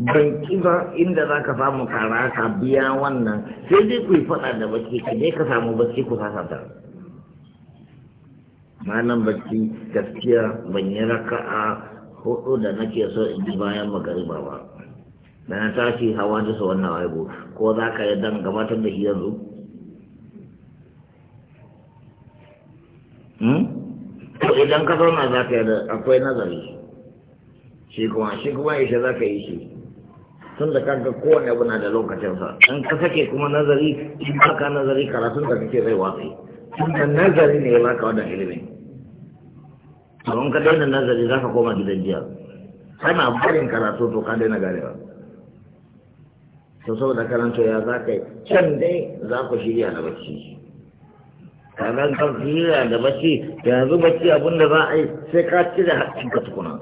ban ki ba inda za ka samu kara ka biya wannan sai dai ku yi faɗa da baki ka je ka samu baki ku sasanta malam baki gaskiya ban yi raka'a hudu da nake so in ji bayan magariba ba da na tashi hawa da su wannan aibu ko za ka yi dan gabatar da shi yanzu hmm? to idan ka zauna za ka yi akwai nazari shi kuma shi kuma ishe za ka yi shi tun da kaga kowane abu na da lokacinsa don ka sake kuma nazari in baka nazari karatun da kake zai watsi tun da nazari ne ya baka wannan ilimi. abin ka daina nazari za ka koma gidan jiya kana barin karatu to ka daina garewa to saboda karanta ya za ka yi can dai za ku shirya da bacci kanan kan shirya da bacci yanzu bacci abinda za a yi sai ka cire hakkin ka tukuna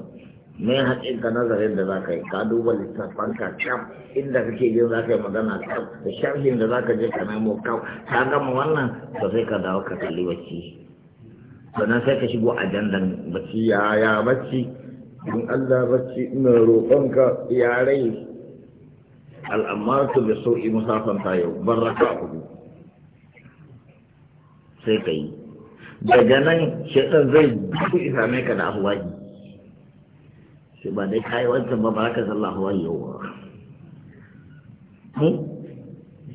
me haƙin ka nazarin da za ka yi ka duba littafan ka cam, inda kake jin za ka yi magana kam da sharhin da za ka je ka nemo kam ka gama wannan to sai ka dawo ka kalli bacci sannan sai ka shigo ajandan bacci ya ya bacci in Allah bacci ina roƙonka ya rai al'amartu bi sau'i ta yau baraka hudu sai ka yi daga nan shaitan zai ku isa mai ka da afuwaji shi ba dai kayi wancan ba baraka sallahu wa yawa hmm?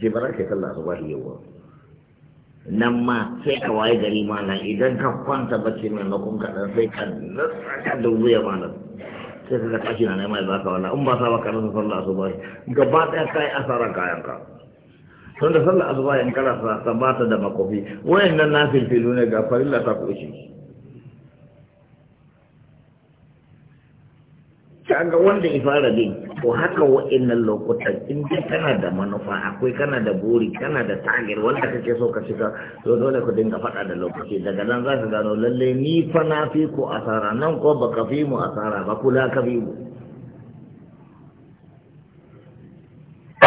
shi baraka sallahu wa yawa nan ma sai ka waye gari na idan ka kwanta bacci ka kaɗan sai ka nasa ka dubu ma na. sai ka tashi na mai baka ka wala in ba sa baka rasa sallah asuba gaba ɗaya kai asara kayan ka tun da sallah asuba in kana sa ta da makofi wayannan nafil filfilu ne ga farilla ta ku shi kaga wanda ya fara bin to haka wa'annan lokutan in dai kana da manufa akwai kana da buri kana da tagir wanda kake so ka shiga to dole ku dinga faɗa da lokaci daga nan za ka gano lalle ni fa na fi ku asara nan ko ba ka fi mu asara ba kula ka fi mu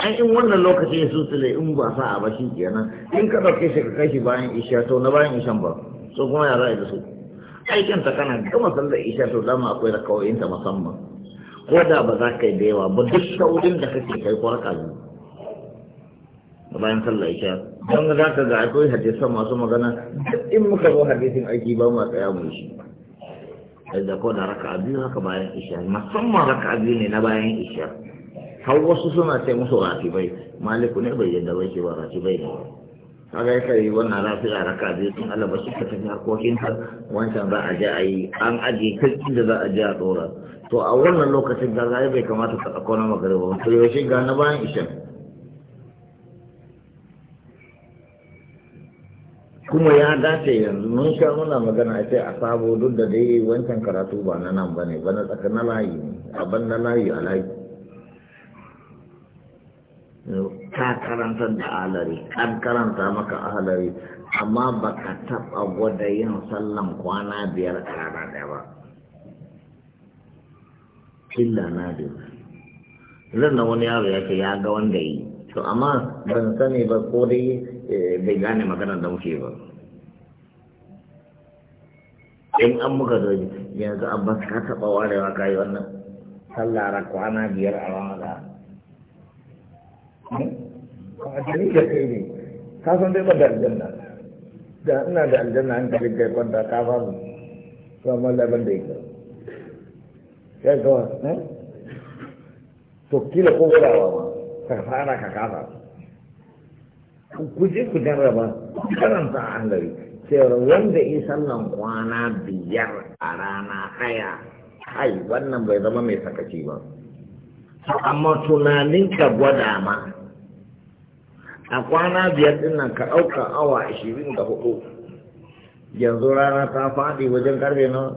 ai in wannan lokaci ya susule in ba sa a ba shi kenan in ka dauke shi ka kai shi bayan isha to na bayan ishan ba so kuma ya ra'ayi da su ta kana gama sallar isha to dama akwai da kawai ta musamman ko da ba za ka yi da yawa ba duk saurin da kake kai kwarka zuwa bayan sallah isha don za ka ga akwai hadisan masu magana in muka zo hadisin aiki ba mu tsaya mu shi da ko da raka abin haka bayan isha musamman raka abin ne na bayan isha har wasu suna ce musu bai maliku ne bai yadda bai ke ba bai ne kaga ya kai wannan a raka biyu tun alaba shi ka tafi harkokin har wancan za a je a yi an ajiye kai inda za a je a dora to a wannan lokacin da bai kamata ta ɗauko na magariba to yaushe ga na bayan isha kuma ya dace yanzu mun sha muna magana a ce a sabo duk da dai wancan karatu ba na nan ba ne ba na tsaka na layi abin na layi a layi ka karanta da alari an karanta maka alari amma ba ka taɓa gwada yin sallan kwana biyar a rana ɗaya ba illa nadir zan wani yaro ya ce ya ga wanda yi to amma ban sani ba ko dai eh, bai gane maganar da muke ba in an muka zo yanzu abbas ka taɓa warewa ka yi wannan sallara kwana biyar a ramada hmm? a jini da kai ne ka san dai ba da aljanna da ina da aljanna an kalli kai kwanta ka famu to amma laban da yi yi kawai to kila ko gudawa ma ka fara ka kasa ku je ku jarraba karanta a hangari cewar wanda yi sallan kwana biyar a rana haya ai wannan bai zama mai sakaci ba amma tunanin ka gwada ma a kwana biyar din nan ka ɗauka awa ashirin da hudu yanzu rana ta faɗi wajen karfe na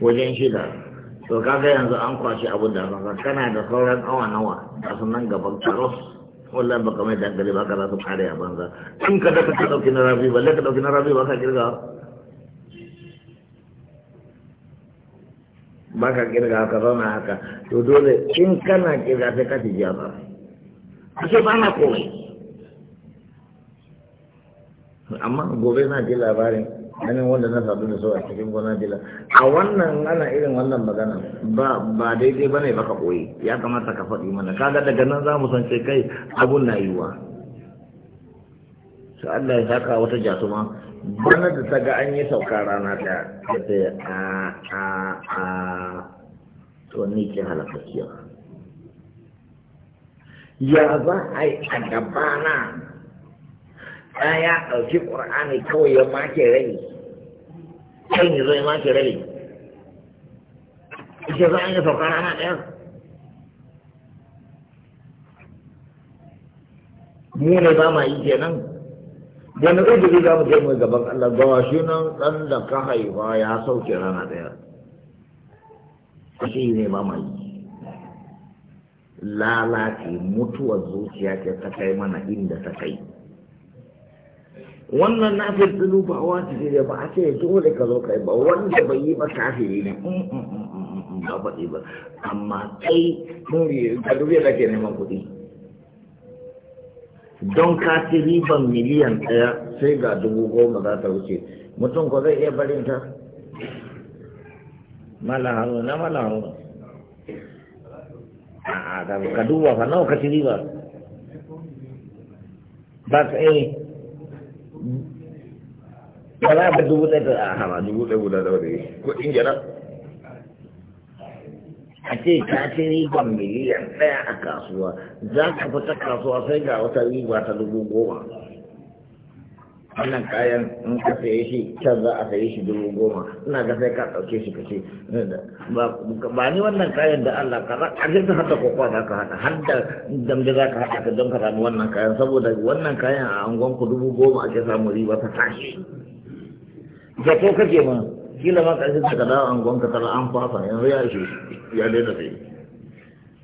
wajen shida to kaga yanzu an kwashi abu da haka kana da sauran awa nawa a sunan gaban karos wallahi baka mai dangane ba ka za su kare a banza in ka da ka dauki na rabi balle ka dauki na rabi ba ka kirga ba ka kirga ka zauna haka to dole in kana kirga sai ka tiji a ba ake ba na komai amma gobe na ji labarin ganin wanda na sadu da su a cikin gona bila a wannan ana irin wannan magana ba ba daidai bane ba ka koyi ya kamata ka faɗi mana kaga daga nan za mu san ce kai abun na yiwa su Allah ya saka wata jasuma bana da ta ga an yi sauka rana ta ya ce a a a to ni ke halakakiya ya za a yi a gabana ɗaya ya ɗauki ƙur'ani kawai ya make rai kan yi zai make rai ita za a yi sauka rana ɗaya mu ne ba ma yi kenan wani ƙudiri za mu je mu gaban Allah gawa shi nan ɗan da ka haifa ya sauke rana ɗaya shi ne ba ma yi lalace mutuwar zuciya ce ta kai mana inda ta kai wannan na firtilu ba wajibi ne ba a ce dole ka zo kai ba wanda bai yi ba kafiri ne mm, mm, mm, ba faɗi ba amma kai muri ka dubiya da ke neman kuɗi don ka ci riban miliyan ɗaya sai ga dubu goma za ta wuce mutum ko zai iya barin ta mala hannu na mala hannu a ka duba fa nawa ka ci riba ba ka eh. ba za ka dubu ɗaya da a ah, hama dubu ɗaya guda da wadda kuɗin jira a ce ka ce riban miliyan daya a kasuwa za ka fita kasuwa sai ga wata riba ta dubu goma wannan kayan in ka saye shi can za a saye shi dubu goma ina ga sai ka ɗauke shi ka ce ba ni wannan kayan da Allah ka za a ka hada kokowa za ka hada har da dambe za ka hada ka don ka samu wannan kayan saboda wannan kayan a angon ku dubu goma ake samu riba ta tashi da ko kake ma kila ma ka sai ka dawo angon ka tara an fafa yanzu ya ce ya daina sai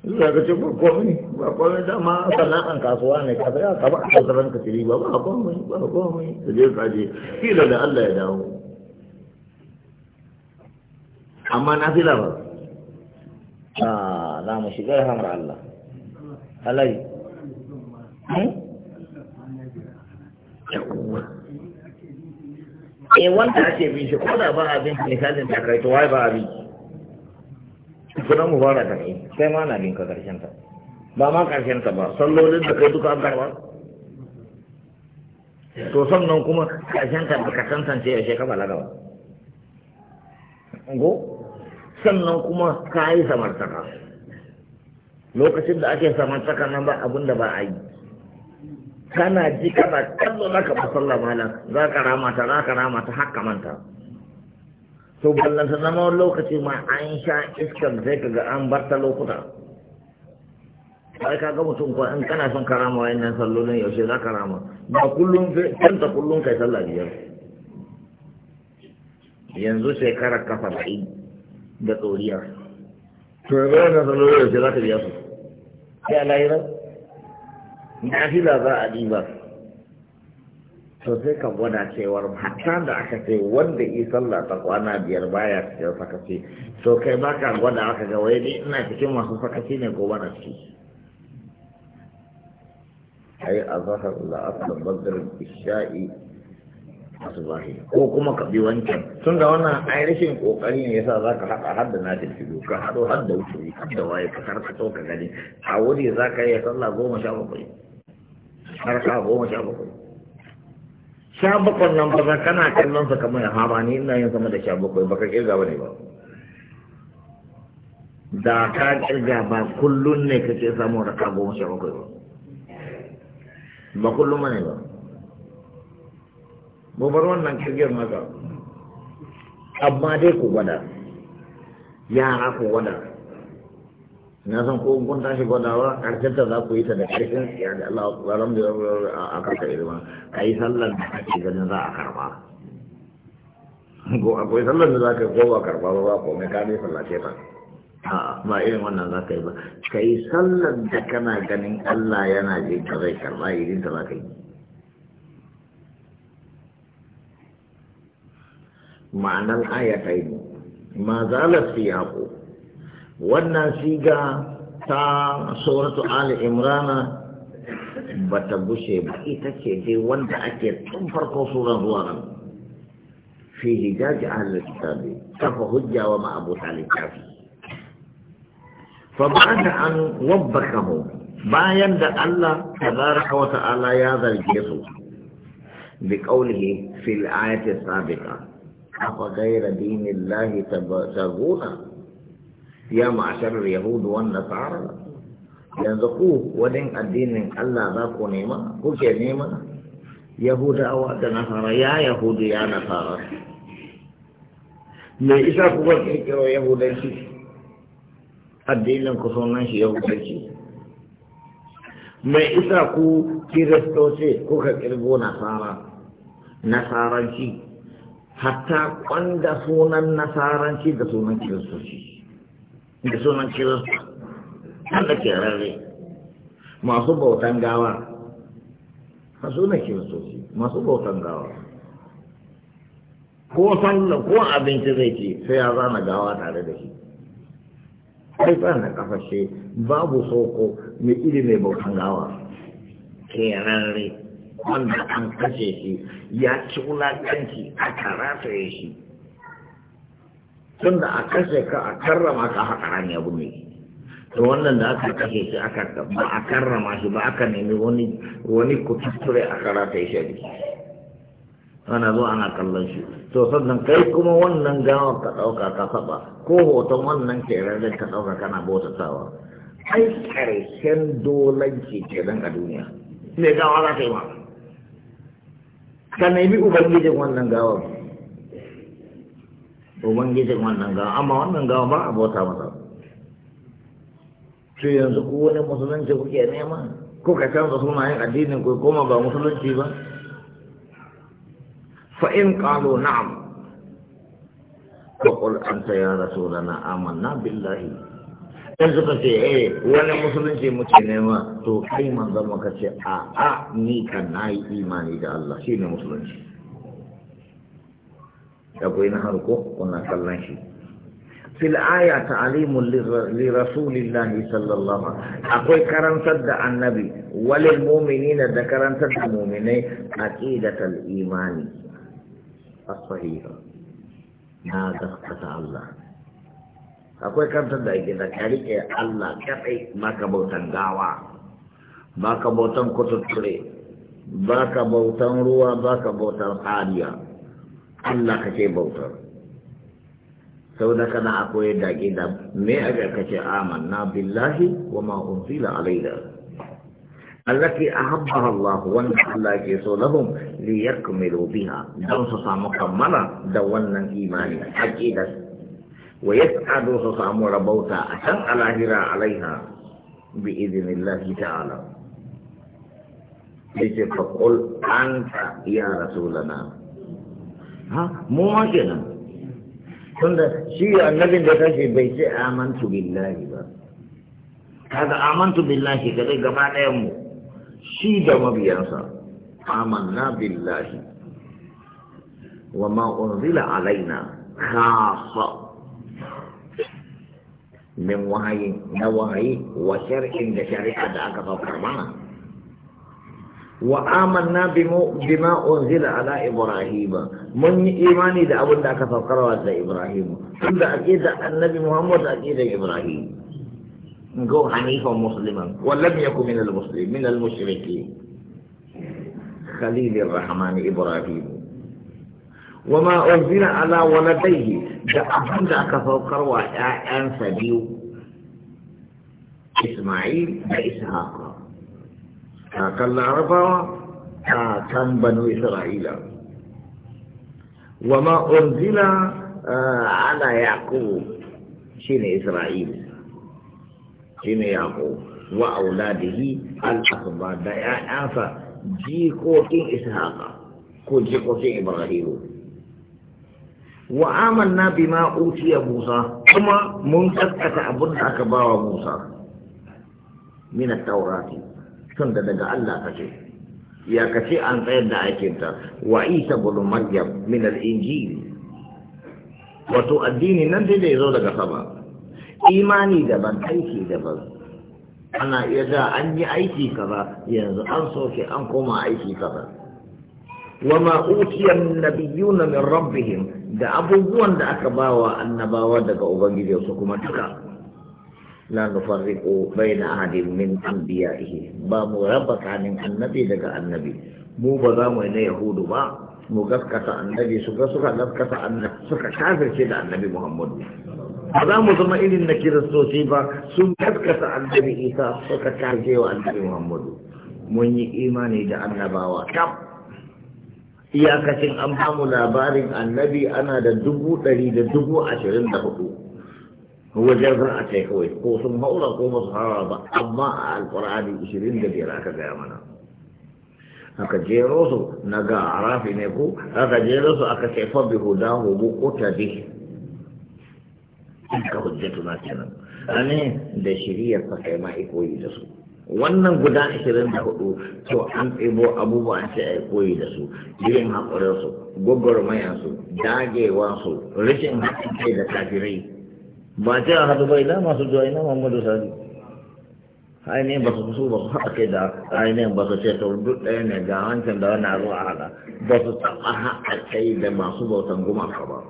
Iya ka ce ba komai ba komai dama sana'an kasuwa ne ka ya ka ba a kasaran ka ciri ba ba komai ba komai ka je ka je kila da Allah ya dawo amma na fila ba a ah, za mu ya hamar Allah halai hmm? eh wanda ake bin shi ko da ba a bin misalin takaitowa ba a bin tukunan mubaraka ne sai ma na bin ka karshen ta ba ma karshen ta ba sallolin da kai duka an karba to sannan kuma karshen ta baka tantance ya shekara balaga ba go sannan kuma ka yi samartaka lokacin da ake samartaka nan ba abin da ba a yi kana ji kana kallo zaka musalla malam za ka rama ta za ka rama ta haka manta to ballanta zama wani lokaci ma an sha iskar zai ga an bar ta lokuta sai ka ga mutum ko in kana son karama wayannan sallolin yaushe za ka rama ba kullum ta kullum kai sallah biyar yanzu shekara kafa ba'i da tsoriya to yanzu wayannan sallolin yaushe za ka biya su sai a lahirar na fila za a ɗiba to sai ka gwada cewar hatta da aka ce wanda yi sallah ta kwana biyar baya cikin sakaci to kai ba ka gwada aka ga wai ina cikin masu sakaci ne gobe na ciki ai a zahar la'asar bazar isha'i asubahi ko kuma ka bi wancan tun da wannan ai rashin kokari ne yasa ka haɗa har da nafil filo ka haɗo har da wuce har da waye ka karkato ka gani a wuri za ka iya sallah goma sha bakwai har ka goma sha bakwai sha bakwai nan ba za kana kallon sa kamar hama ni ina yin sama da sha bakwai baka kirga ne ba da ka kirga ba kullun ne ka ce samu ka goma sha bakwai ba ba kullum ne ba mu bar wannan kirgin maka amma dai ku gwada yara ku gwada na san ko kun tashi gwadawa karshen ta za ku yi ta da karshen ya da Allah tsaron da a karka irma ka yi sallar da kake ganin za a karba ko akwai sallar da za ka ko ba karba ba ba komai ka ne sallace ta a'a ba irin wannan za ka yi ba ka yi sallar da kana ganin Allah yana je ka zai karba irin ta za ka yi ma'anar ayatai ma zalar siyaku wannan siga ta suratu ali imrana bata gushe ba ita ce dai wanda ake tun farko suran zuwa nan fi hijaji ahalar kitabi kafa hujja wa ma'abuta kafi fa ba da an wabbaka mu bayan da Allah tabaraka wa ta'ala ya zarge su bi qawlihi fil ayati sabiqa afa ghayra dinillahi tabghuna ya ma'asharar yahudu wa nasara yanzu ku wajen addinin Allah za ku nema kuke nema yahudawa da nasara ya yahudu ya nasara me isa kuka kirkiro yahudanci addinin ku sunan shi yahudanci me isa ku kiristoci kuka kirgo nasara nasaranci hatta kwanda sunan nasaranci da sunan kiristoci da sunan kirista an da kerare masu bautan gawa a sunan kiristoci masu bautan gawa ko sallah ko abinci zai ci sai ya zana gawa tare da shi kai fa na kafashe babu soko mai iri mai bautan gawa kerare wanda an kashe shi ya ci a aka rataye shi tun da a kashe ka a karrama ka haka rani abu ne to wannan da aka kashe shi aka ba a karrama shi ba aka nemi wani wani kututtule a karata ya shari ana zo ana kallon shi to sannan kai kuma wannan gawar ka ɗauka ka saba, ko hoton wannan keraren ka ɗauka kana bautatawa ai ƙarshen dolanci dan a duniya me gawa za ta yi ma ka nemi ubangijin wannan gawar ubangijin wannan gawa amma wannan gawa ba a bauta masa su yanzu ku wani musulunci kuke nema ko ka canza sunayen addinin ku koma ba musulunci ba fa in qalu na'am fa qul anta ya rasulana amanna billahi in suka ce eh wani musulunci muke nema to kai manzon maka ce a a ni kan nayi imani da Allah shine musulunci akwai na harko kuna kallon shi fil aya ta'alimun li rasulillahi sallallahu akwai karantar da annabi walil mu'minina da karantar da mu'minai aqidatul imani as-sahiha na gaskata Allah akwai karantar da aqida ka rike Allah kadai maka bautan gawa baka bautan kututture baka bautan ruwa baka bautan hariya Allah kake bautar sau da kana akwai dage da me aga kace amanna billahi wa ma unzila alaina allati ahabbaha Allah wanda Allah ke so lahum li yakmilu biha dan su samu kammala da wannan imani aqida wa yas'adu su samu rabauta a can alahira alaiha bi idnillahi ta'ala yace fa qul anta ya rasulana ها مو عجنا كنت شيء النبي ده كان شيء بيسي آمنت بالله با. هذا آمنت بالله كده جماعة يمو شيء ده ما بيانسا آمنا بالله وما أنزل علينا خاصة من وحي نوحي وشرع شرع ده أكثر فرمانه وآمنا بما أنزل على إبراهيم من إيماني ده أبن ده كفر دا إبراهيم عند أكيد النبي محمد أكيد إبراهيم نقول حنيفا مسلما ولم يكن من المسلمين من المشركين خليل الرحمن إبراهيم وما أنزل على ولديه دا أبو ده كفر وأنسى إسماعيل وإسحاق kakan larabawa kakan banu isra'ila wa ma unzila eh, ala yaqub shine isra'il shine yaqub wa auladihi al-akbar da ya'ansa jikokin ishaqa ko jikokin ibrahim wa amanna bima utiya Musa kuma mun kaskata abin da aka bawa Musa Mina at-taurati tun da daga Allah kake ya kace an tsayar da aikinta wa isa bulu maryam min al-injil wato addini nan dai da ya zo daga sama imani daban aiki daban ana iya da an yi aiki kaza yanzu an soke an koma aiki kaza wama utiyan nabiyuna min rabbihim da abubuwan da aka bawa annabawa daga ubangiji su kuma duka la nufarriqu bayna ahadin min anbiya'ihi ba mu raba kanin annabi daga annabi mu ba za mu na yahudu ba mu gaskata annabi su ga suka gaskata annabi suka kafirce da annabi muhammadu ba za mu zama irin na kiristoci ba sun gaskata annabi isa suka kafirce wa annabi muhammadu mun yi imani da annabawa kam iyakacin an ba mu labarin annabi ana da dubu ɗari da dubu ashirin da hudu هو جرب أتيك ويقوسم هولا قوم صحابة أما القرآن يشيرين دبيرا كذا منا aka jero su na ga arafi ne ko aka jero su aka ce fa bi hudahu bu qutadi ka hujjatu na kenan ane da shiriyar fa kai ma ikoyi da su wannan guda 24 to an ɗebo abubuwa an ce a koyi da su irin haƙurinsu gwagwarmayansu dagewansu rashin haɗin kai da kafirai ba ce a hadu bai dama su zuwa ina Muhammadu Sani ainihin ba su so ba su haɗe da ainihin ba su ce to duk ɗaya ne ga wancan da wani abu a haɗa ba su taɓa haɗa kai da masu bautan gumaka ba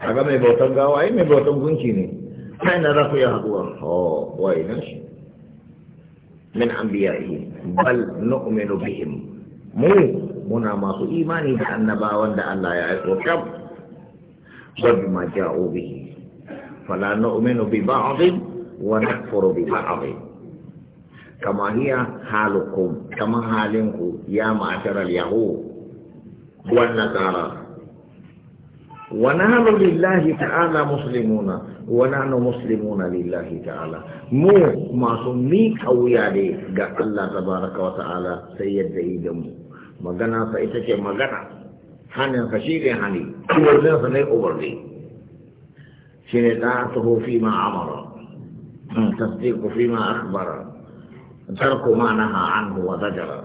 a ga mai bautan gawa ai mai bautan gunki ne kai na za ku yi haɗuwa oh wai ina shi min yi. bal nu'minu bihim mu muna masu imani da annabawan da Allah ya aiko kam babi ma ja obi fala na umenu bi ba obi wani foro bi ba obi kama hiya halukum kama halinku ya ma tara yahu wani tara ونحن لله تعالى مسلمون ونحن مسلمون لله تعالى مو ما سمي قويا دي الله تبارك وتعالى سيد زيدم مغنى فإتك مغنى حن الخشيب يعني ne hani umarnin sa ne فيما shi ne فيما اخبر ترك ما نهى عنه وزجر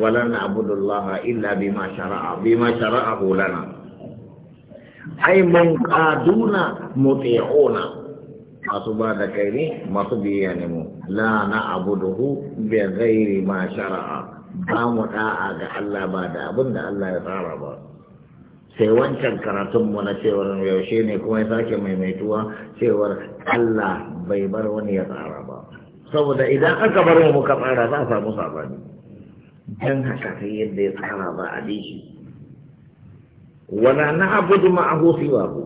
ولا نعبد الله إلا بما شرع بما شرعه لنا أي منقادون مطيعون أصبح ذكيني مطبيانه لا نعبده بغير ما شرع بامتاعك الله بعد أبن الله يتعرض sai wancan karatun mu na cewar yaushe ne kuma ya sake maimaituwa cewar Allah bai bar wani ya tsara ba saboda idan aka bar mu muka tsara za a samu sabani dan haka sai yadda ya tsara ba a dishi wala na abudu ma'ahu siwahu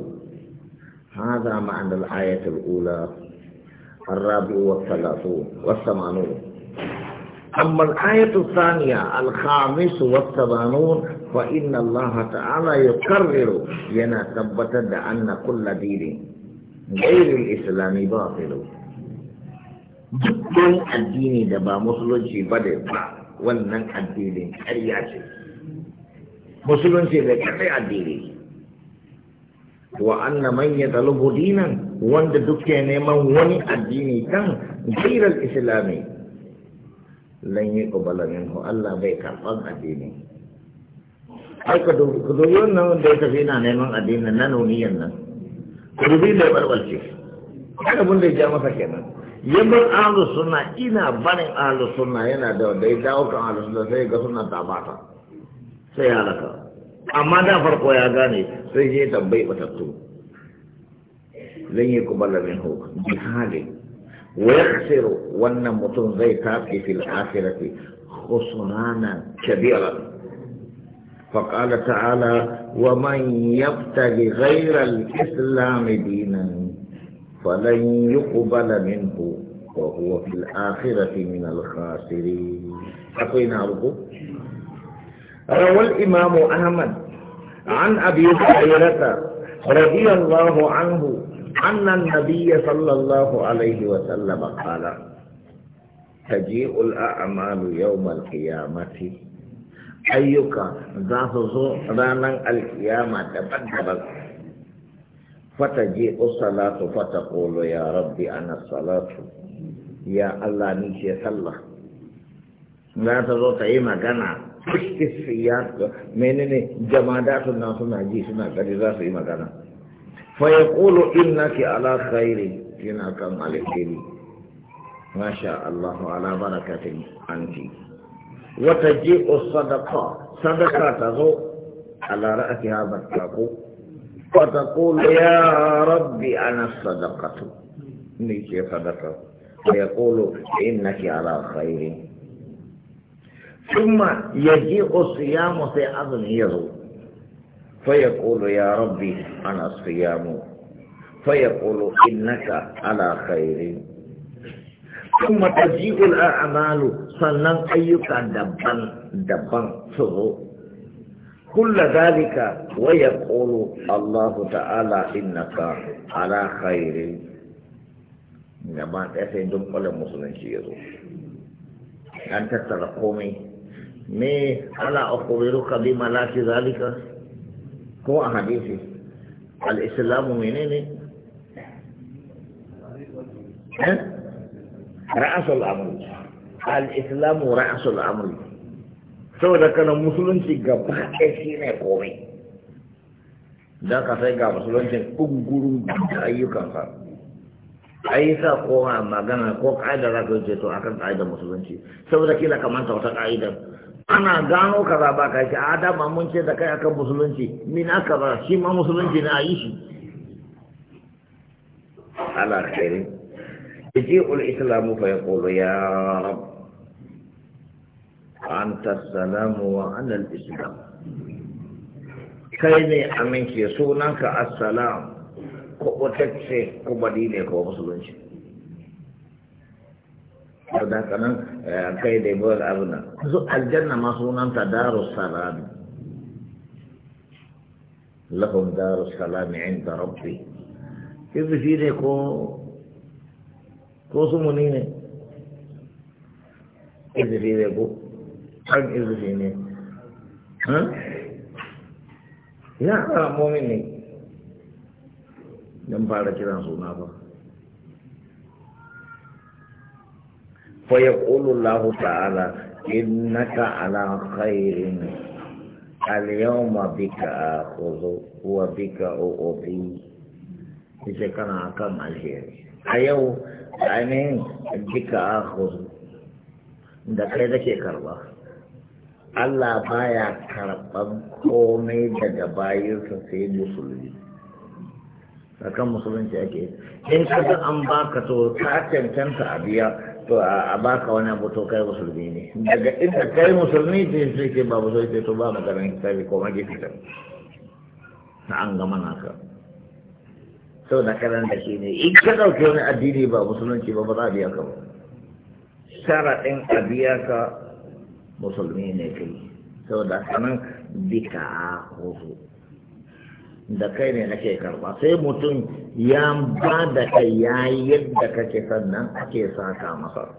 هذا معنى الآية الأولى الرابع والثلاثون والثمانون أما الآية الثانية الخامس والثمانون fa inna Allah ta'ala yukarriru yana tabbatar da anna kullu dinin ghairul islami batilu dukkan addini da ba musulunci ba da ba wannan addinin ƙarya ce musulunci da ƙarfi addini wa anna man yatalubu dinan wanda duk neman wani addini kan ghairal islami lan yuqbala minhu Allah bai karɓan addini ai ka dubi ku dubi wannan wanda ya tafi yana neman addinin na nuniyan nan ku dubi da ya barbalce kan mun da ya ja masa kenan ya bar sunna ina barin ahlus sunna yana da wanda ya dawo kan ahlus sunna sai ga sunna ta bata sai ya halaka amma da farko ya gane sai je tambayi batattu zan yi kuballa min hu jihadin ويخسر وان متون زي كافي في الآخرة خسرانا كبيرا فقال تعالى ومن يبتغي غير الإسلام دينا فلن يقبل منه وهو في الآخرة من الخاسرين أقينا أرجو روى الإمام أحمد عن أبي هريرة رضي الله عنه أن النبي صلى الله عليه وسلم قال تجيء الأعمال يوم القيامة ayyuka za su zo ranar alkiyama daban-daban fata je salatu fata kolo ya rabbi ana salatu ya Allah ni ce sallah za ta zo ta yi magana menene su nan suna ji suna gari za su yi magana fa ya kolo ke ala khairi yana kan alkhairi masha Allah ala barakatin anti wata ji'u sadaka sadaka ta zo ala ra'ati hadha al-taqu fa taqulu ya rabbi ana sadaqatu ni ce sadaka fa yaqulu innaki ala khairin thumma yaji'u siyamu sai azumi yazo fa yaqulu ya rabbi ana siyamu fa yaqulu innaka ala khairin kuma tajihul a'malu sannan ayyuka daban daban su zo kulla zalika wa yaqulu Allahu ta'ala innaka ala khairin gaba ɗaya sai dunkulen musulunci ya zo an tattara komai me ala akhbiruka bi malaki zalika ko a hadisi al-islamu menene eh ra'asul amri al-islamu ra'asul amri saboda kana musulunci gaba ɗaya shi ne komai don ka sai ga musuluncin ƙungurun ayyukansa ai sa koma magana ko ka'ida za ka yi ceto akan ka'idar musulunci saboda kila ta wata ka'idar ana gano kaza ba ka ce a dama mun ce da kai akan musulunci min aka ba shi ma musulunci na yi shi ala khairin يجيء الإسلام فيقول يا رب أنت السلام وأنا الإسلام كيف أمنك سونك السلام كبتكسي كبديني كبصلونش هذا كان آه، كيد يقول أبنا الجنة ما سونا دار السلام لهم دار السلام عند ربي كيف فيني ko su muni ne izifi ne ko an izifi ne ya tsara momin ne don fara kiran suna ba fa ya ƙulullahu إنك على خير اليوم بك آخذ وبك أعطي إذا كان أكم الخير أيو ainihin jika akhuru da kai zake karba Allah baya karban komai daga bayinsa sai musulmi kan musulunci ake in ka kaga an baka to ka cancanta a biya to a baka wani abu to kai musulmi ne daga inda kai musulmi ce sai ke ba musulmi ce to ba magana hisabi ko magana fitar na an gama naka sau da karan da shi ne in ka dauke wani addini ba musulunci ba ba za a biya ka ba sharaɗin a biya ka musulmi ne kai sau da kanan bika a hutu da kai ne nake karba sai mutum ya ba da kai ya yadda kake sannan ake saka masa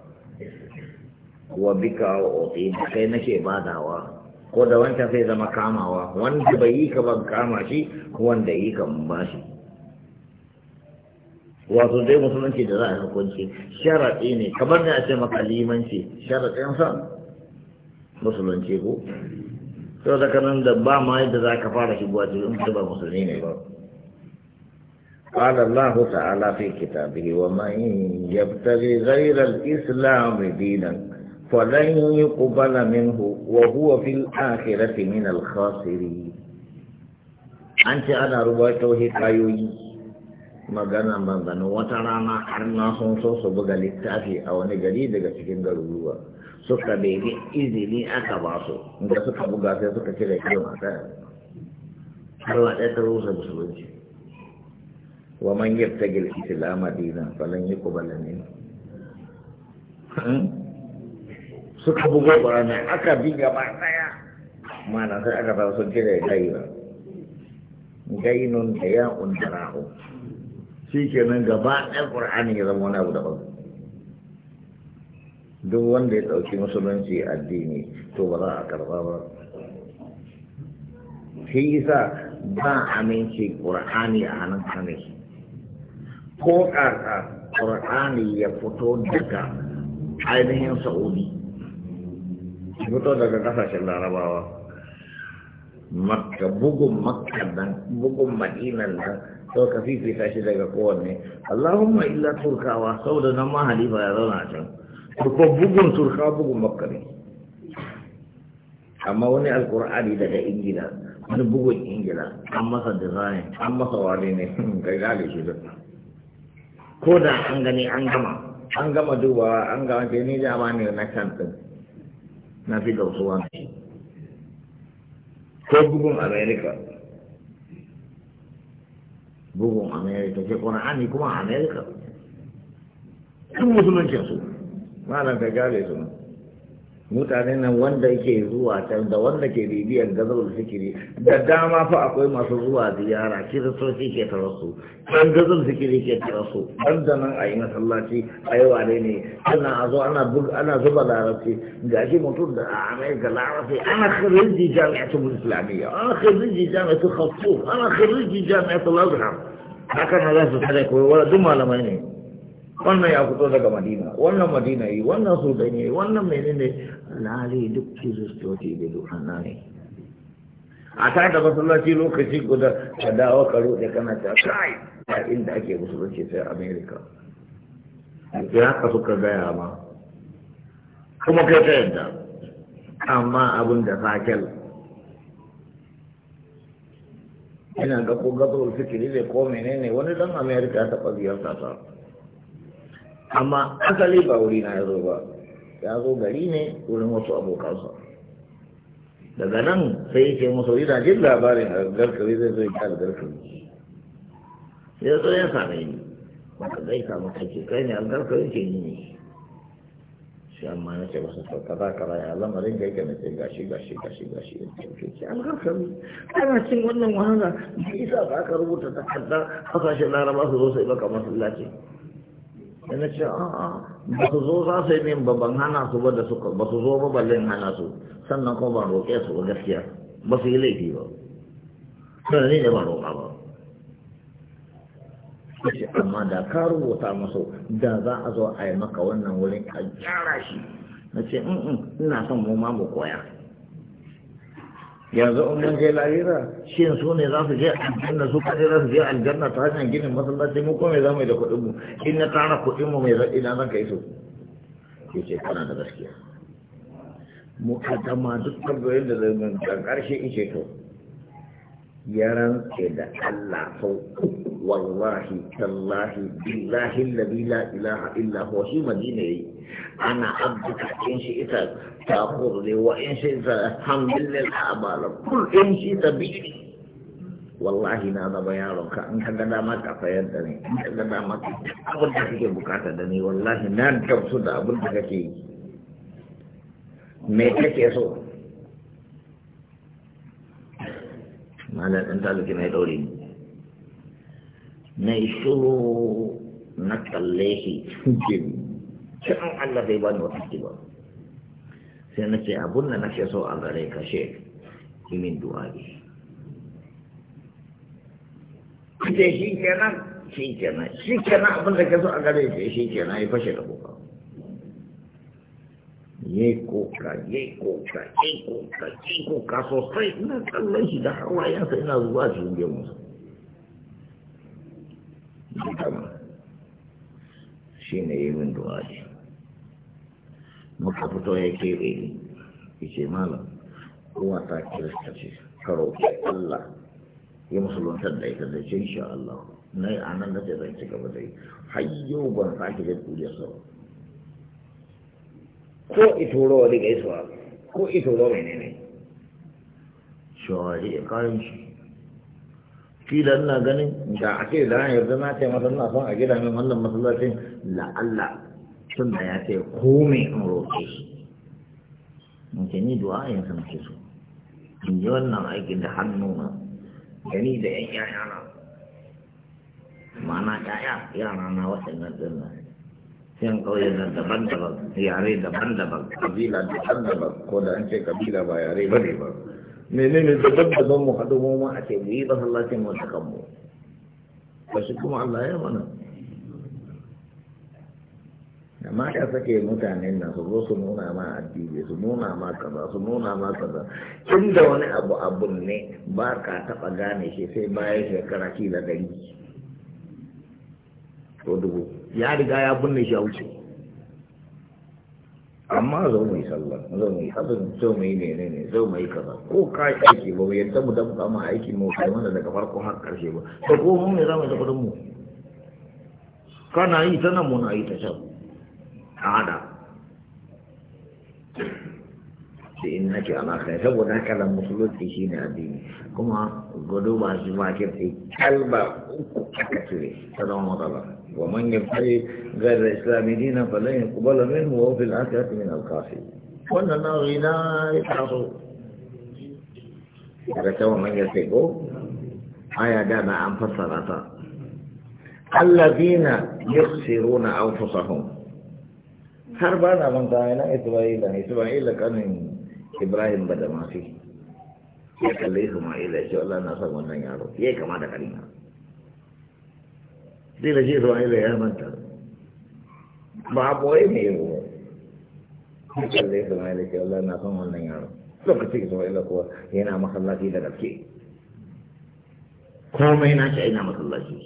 wa bika wa ofi da kai nake badawa ko da wancan sai zama kamawa wanda bai yi ka ban kama shi wanda yi ka ba shi wato dai musulunci da za a hukunci sharaɗi ne kamar ne a ce maka limanci sharaɗin sa musulunci ko sau da kanan da ba ma yadda za ka fara shigowa cikin ta ba musulmi ne ba قال الله تعالى في كتابه ومن يبتغي غير الإسلام دينا فلن يقبل منه وهو في الآخرة من الخاسرين أنت أنا روايته حكايوي magana magana wata rana har na sun so su buga littafi a wani gari daga cikin garuruwa suka daidai izini aka ba su da suka buga sai suka cire kiyon a kan har wa ɗaya ta rusa musulunci wa man yabta gil islam dina falan yuqbal min hmm? suka bugo barana aka bi gaba daya mana sai aka fara sun cire gaira gainun da ya undara'u shi kenan gaba ɗan ƙur'ani ya zama wani abu daban duk wanda ya ɗauki musulunci addini to ba za a karɓa ba shi yasa ba aminci ƙur'ani a hannun kane ko ƙaƙa ƙur'ani ya fito daga ainihin sa'udi ya fito daga ƙasashen larabawa makka bugun makka nan bugun madinan nan to ka ta shi daga kowanne Allahumma illa turkawa saboda nan ma halifa ya zauna can ko bugun turka bugun makka ne amma wani alkur'ani daga ingila wani bugun ingila an masa design an masa wani ne ga hmm, gane shi da ko da an gani an gama an gama dubawa an gama ke ni da ma ne na kan din na fi gausuwa ko bugun america bugun amerika ce ƙura'ani kuma amerika sun musuluncinsu malam ka gare su mutane nan wanda yake zuwa can da wanda ke bibiyar gazar zikiri da dama fa akwai masu zuwa ziyara kiristoci ke tarasu dan gazar zikiri ke tarasu dan da nan a yi masallaci a yi ware ne ana a zo ana zuba larabci ga shi mutum da a amerika larabci ana khiriji jami'atul islamiyya ana khiriji jami'atul khatuf ana khiriji jami'atul azhar haka na za su tare koyo duk malamai ne wannan ya fito daga madina wannan madina yi wannan sudan yi wannan menene lalai duk kiristoci da duhanna ne a ta da masallaci lokaci guda ta dawo karo da kana ta kai a inda ake musulunci sai america ya haka suka gaya ma kuma kai ta yadda amma abin da fakel ina ga ko gabar fikiri ne ko menene wani dan america ta taɓa ziyarta ta amma asali ba wuri na yazo ba ya zo gari ne wurin wasu abokansa daga nan sai yake ce musu yana jin labarin a garkari zai zo ya kara garkari ya zo ya same ni maka zai samu kake kai ne a garkari ke ni ne shi amma na ce wasu sauka za ka ya lamarin da yake mace gashi gashi gashi gashi ya ce ce an garkari ana cin wannan wahala da isa ba ka rubuta takardar kasashen laraba su zo sai baka masallaci yana ce a'a ba su zo za su yi min babban hana su ba da suka ba su zo ba ballin hana su sannan kuma ban roƙe su ba gaskiya ba su yi laifi ba sannan ni ne ban roƙa ba ce amma da ka rubuta masu da za a zo a yi maka wannan wurin a gyara shi na ce ina son mu ma mu koya yanzu in mun kai lahira shi su ne za su je aljanna su kaje za su je aljanna ta hanyar ginin masallaci mu kome za mu yi da kuɗin mu in na tara kuɗin mu mai zaɗi na zan kai su ke ce kana da gaskiya mu kaddama duk tambayoyin da zai mun karshe in ce to ya rantse da Allah sau wallahi tallahi billahi alladhi la ilaha illa huwa shi madina yayi ana abduka in shi ita ta ne wa in shi ta hamdulillah abala kul in shi ta bi wallahi na zama yaron ka in ka ga dama ka fayar da ni in ka ga dama abin da kake bukata da ni wallahi na gamsu da abin da kake yi me kake so malar ɗan taluki mai ɗaure na shuru na kalle shi can Allah zai bani ba sai na ce abun da a gare ka she ce shi kenan shi kenan kenan a gare shi shi kenan ya Yai kuka, ya kuka, ya kuka, ya kuka sosai ina kallon shi da hawayensa ina zuwa cikin gemunsa shi ne yi min duwa ce muka fito ya keɓe malam Kowa ta kirista ce karo Allah ya musuluntar da ita da ce insha Allah na yi anan da ce zai ci gaba da yi har yau ban sake da ɗuriyar sauran ko ituro wani gaisuwa ko ituro mai ne shawari ya kayan shi da ina ganin da a ce da yarda na ce masa na son a gida min wannan masallacin la'alla sun da ya ce komai in roƙe shi in ce ni duwa in san ke so in ji wannan aikin da hannu na gani da yan yaya na ma'ana yaya yara na waɗannan ɗin yan kawai na daban-daban yare daban-daban kabila daban-daban ko da an ce kabila ba yare ba ne ba menene daban-daban mu haɗu mu ma a ce mu yi sallace mu ta mu? ba shi kuma Allah ya mana ma ka sake mutanen nan su zo su nuna ma addini su nuna ma kaza su nuna ma kaza inda wani abu abun ne ba ka taɓa gane shi sai bayan shekara kila dari ko dubu ya riga ya binne shi a wuce amma zo mai sallah zo mai hazin zo mai mene ne zo mai kaza ko ka yi aiki ba bai yadda mu da mu aiki mu kai wanda daga farko har karshe ba da ko mun ne za mu da mu kana yi ta nan muna yi ta can a hada da in nake ala kai saboda haka da musulunci shi ne addini kuma gado ba su ma ke tsaye kalba uku aka cire ta zama matsala wa man ya fari ga da islami dina falon ya kubala min wa fil asiyati min alkafi wannan nau'i na ya taso daga ta wa man ya tsaye ko oh, aya da na an fassara ta allazina yukhsiruna anfusahum har ba na manta ina isra'ila isra'ila kanin ibrahim ba da mafi ya kalle su ma ila shi Allah na son wannan yaro ya kama da kalima zai da shi su ma ila ya manta ba a boye ne ya ruwa ya kalle su ma ila shi Allah na son wannan yaro lokacin su ma ila kuwa yana masallaci da gaske komai na shi ina masallaci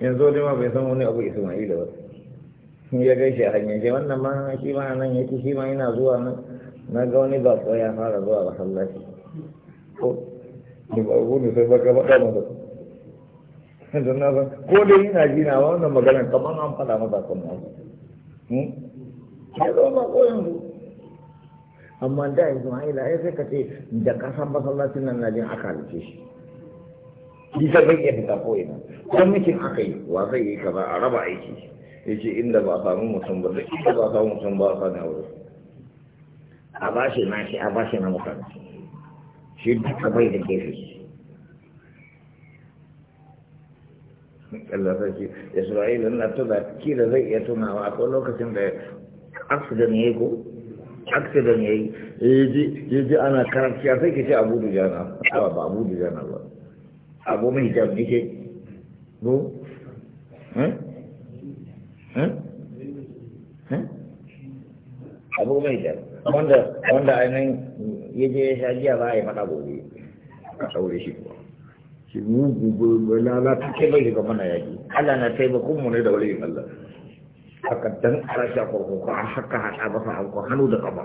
yanzu ne ma bai san wani abu isma'ila ba ya gaishe a hanyar shi wannan ma shi ma nan yake shi ma yana zuwa nan na ga wani bako ya fara zuwa masallaci ko da bako ne sai baka faɗa masa don na san ko dai ina ji na wannan magana kamar an faɗa masa kan na hmm? ya zama bako yanzu amma da ila ya sai ka ce da kasan masallacin nan na jin aka halice shi bisa bai iya fita ko ina ko mutum aka yi wa zai yi kaza a raba aiki yace inda ba samu mutum ba da inda ba samu mutum ba a sani a wurin a ba shi na shi a ba shi na mutane shi duka bai da gefe Allah sarki Isra'ila na tuna kila zai iya tunawa a akwai lokacin da aksidan ya yi ko aksidan ya yi ya ji ana karantiya sai ke ce abu da jana awa ba abu da jana ba abu mai hijab ne ke ko eh? Eh? Eh? abu mai hijab wanda wanda ainihin ya je ya sha giya za a yi faɗa gobe ka saure shi kuwa shi mugu lalata ke bai shiga mana yaƙi Allah na taimakon mu ne da waliyin Allah haka dan arashi a kurkuku an haka haɗa masa alko hannu da ƙafa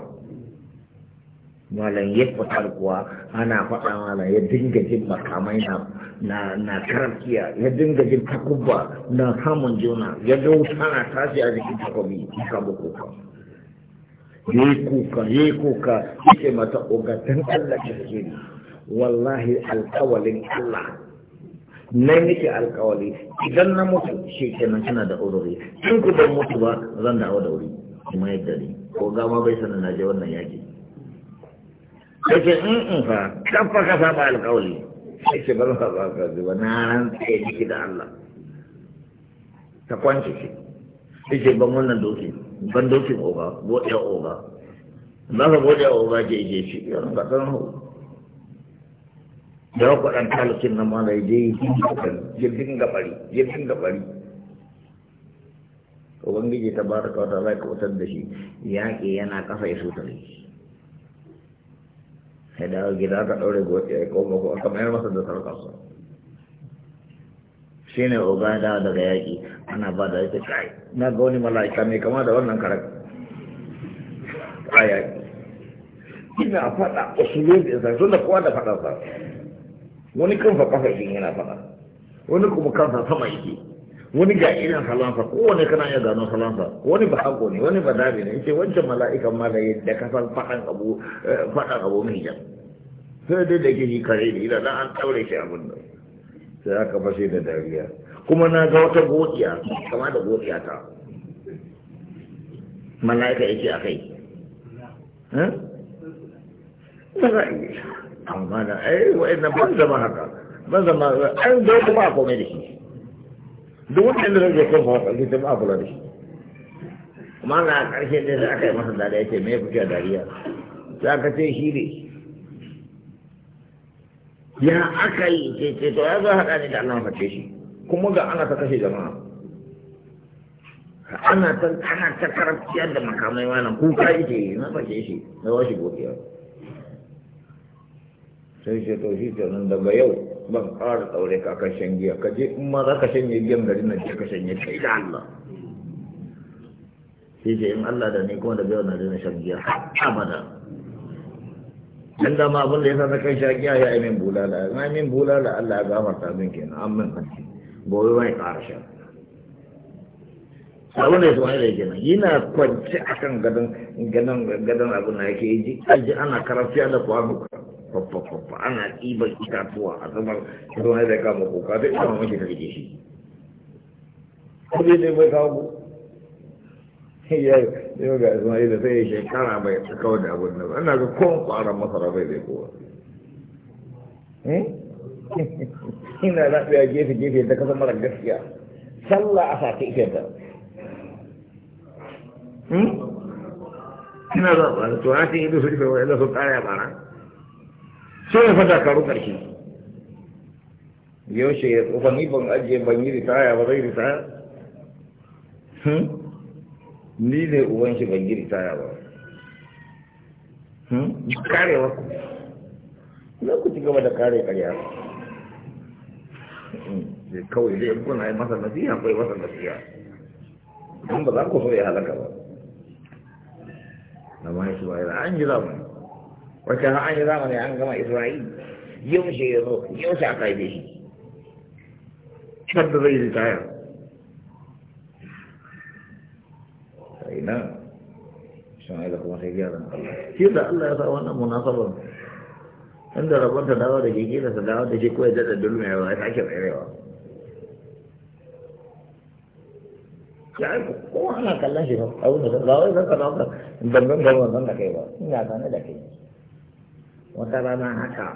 malam ya fita kuwa ana faɗa malam ya dinga jin makamai na na na karfiya ya dinga jin takubba na samun juna ya dauta na tashi a jikin takobi ya samu kuka ya yi kuka ya yi kuka yake mata ogatan Allah ke suke wallahi alkawalin Allah na yake alkawali idan na mutu shi nan tana da uzuri in ku ban mutu ba zan dawo da wuri kuma yadda ne ko gama bai sanin na je wannan yaki kake in in fa kafa ka saba alkawali sai ce bar ba ba ka ba na ran tsaye da Allah ta kwance shi sai ce ban wannan dokin bandokin oga godiya oga ba ka godiya oga je je shi yan ka ɗan ho da ku dan talakin na mala je je dinga bari je dinga bari ubangiji ta baraka wata za ka wutar da shi yaƙi yana ƙasa ya sutare sai da gida ka ɗaure gobe, ya koma ko aka mayar masa da sarkarsa shi ne oga da daga yaƙi ana ba da yake kai na ga wani mala'ika mai kama da wannan karar ayaki ina faɗa usulun da sai da kowa da faɗa sa wani fa kafa yake yana faɗa wani kuma kansa sama yake wani ga irin salansa kowane kana iya gano salansa wani ba hako ne wani ba dabi ne yace wancan mala'ikan ma da yadda ka san faɗan abu eh, faɗan abu mai jan sai dai da yake shi kare ne idan an taure shi abun nan sai aka fashe da dariya kuma na ga wata godiya kama da godiya ta mala'ika yake a kai amma da ai ban zama haka ban zama an zai kuma a komai da shi duk wanda zai da shi amma na ƙarshe ne da aka yi masa dariya ce me kuke dariya za ka ce shi ne ya aka yi ce ce to ya zo haɗa ne da Allah mace shi kuma ga ana ta kashe jama'a ana ta ana ta karantiyar da makamai ko kuka yake na fashe shi na washe godiya sai shi to shi ta nan daga yau ban ƙara tsaure ka kan shan giya ka je in ma za ka shanye giyan garin nan ce ka shanye kai da Allah sai ce in Allah da ni kuma daga yau na daina shan giya abada dan da ma abin da ya sa na kan sha giya ya yi min bulala na min bulala Allah ya gafarta min kenan an min gobe bai ƙara sha abu ne su wani kenan yana kwanci a kan gadon gadon gadon abu na yake ji aji ana karafiya da kwano fafafafa ana ɗiban itatuwa a zubar su wani da kama kuka zai kama mace ta rike shi kuma bai kawo ya yau ga ismaila sai ya shekara bai kawo da abun na ana ga kowane kwaron masara bai zai kowa ina na a gefe gefe da kasan mara gaskiya sallah a sati ita da hmm? ina ba da tuwatin ido su ife wa'ila su ƙara ba na so ya fata karu yau yaushe ya tsofa ni ban ajiye ban yi ritaya ba zai ritaya hmm? ni ne uban shi ban yi ritaya ba hmm? karewa ku za ku ci gaba da kare karewa kawai dai kuna yi masa nasiha ko yi masa nasiha don ba za ku so ya halaka ba na ma Isma'il an yi zamani wacce an yi ne an gama Isra'il yau shi ya zo yau yaushe aka yi shi kadda zai ritaya sai na Isma'il kuma sai gyaran Allah shi da Allah ya sa wannan munasabar inda rabon ta dawo da shi kila ta dawo da shi ko ya daɗa dulmewa ya sake tsayawa ya aiko kowa ana kallon shi ba abin da ba wai zaka dauka dangan gaban nan da kai ba ina gane da kai wata rana haka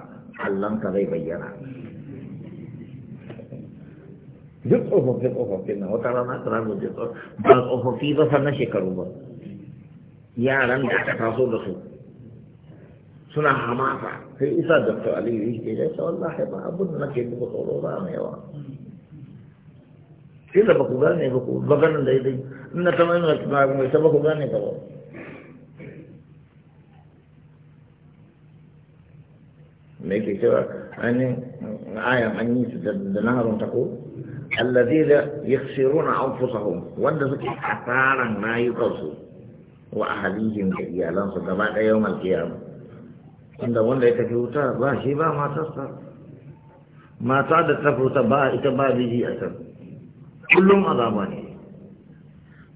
kallon ka zai bayyana duk tsofaffin tsofaffin nan wata rana ta rana da ba tsofaffi ba sannan shekaru ba yaran da aka taso da su تنا حما فا في إذا دكتور علي ليش جلس والله ما أبون ما كيد بقول ولا ما إذا بقول غني بقول بغن ده ده من تمام غلط ما أبون إذا بقول غني بقول ميكي آية أني سدنارون تقول الذين يخسرون أنفسهم وندسك حتى ما يقصوا وأهليهم كيالان صدبات يوم القيامة inda wanda ya tafi wuta ba shi ba matarsa mata da tafi wuta ba ita ba biji a can kullum azaba ne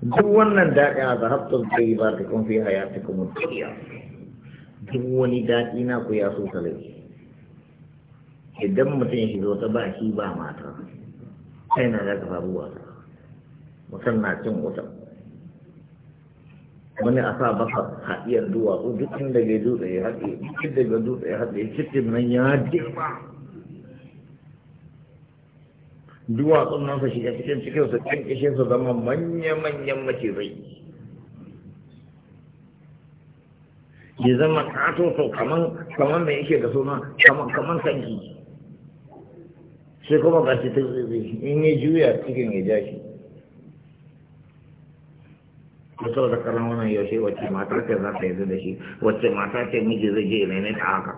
duk wannan daɗi a zahabtun kai ba ta kun fi hayati kuma duniya duk wani daɗi na ku ya so talai idan mutum shi zo ta ba shi ba mata kai na daga wasa, mutum na cin wutan wani a sa sa haɗiyar duwatsu duk inda ya dutse ya haɗe duk inda ya dutse ya haɗe cikin nan ya girma duwatsun nan su shiga cikin cikin su kankashe su zama manya-manyan macizai ya zama kato to kaman kaman mai yake da suna kaman kaman sai kuma ba shi ta in ya juya cikin ya ja shi da sau da karan wannan yaushe wacce mata ce za ta yi da shi wacce mata ce miji zai je ne ta haka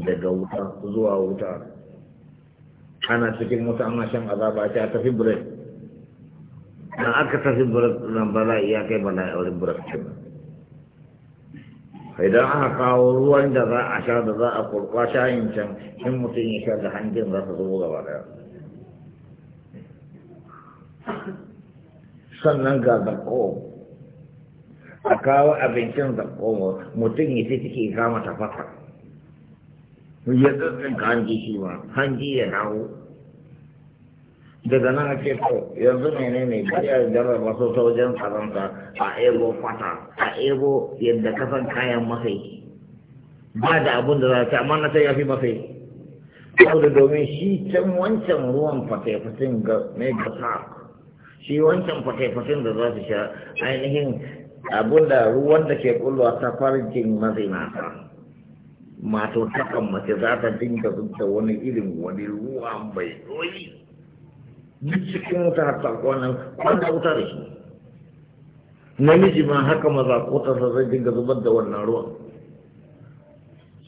daga wuta zuwa wuta ana cikin wuta ana shan azaba ta tafi break dan aka tafi break nan a iya kai ba ya wurin break ce idan aka kawo ruwan da za a sha da za a kurkwa shayin can in mutum ya sha da hanjin za ta zo gaba daya sannan ga zaƙo a kawo abincin zaƙo mutum ya ce take ta tafasa ya tsintsinka hanji shi ba, hanji ya dawo daga nan a ce yanzu mene ne bari a gaba masu sojan tsaronsa a ego fata a ego yadda kasan kayan mafi? ba da abin da za ta amma na sai ya fi masai saboda domin shi can wancan ruwan fata ya fi sun mai gasa shi wancan fate da za su sha ainihin abin da ruwan da ke kulwa ta farjin mazinata mato takan mace za ta dinga zubta wani irin wani ruwa bai doyi duk cikin wuta har wannan wanda wuta da shi namiji ma haka maza ko ta zai dinga zubar da wannan ruwan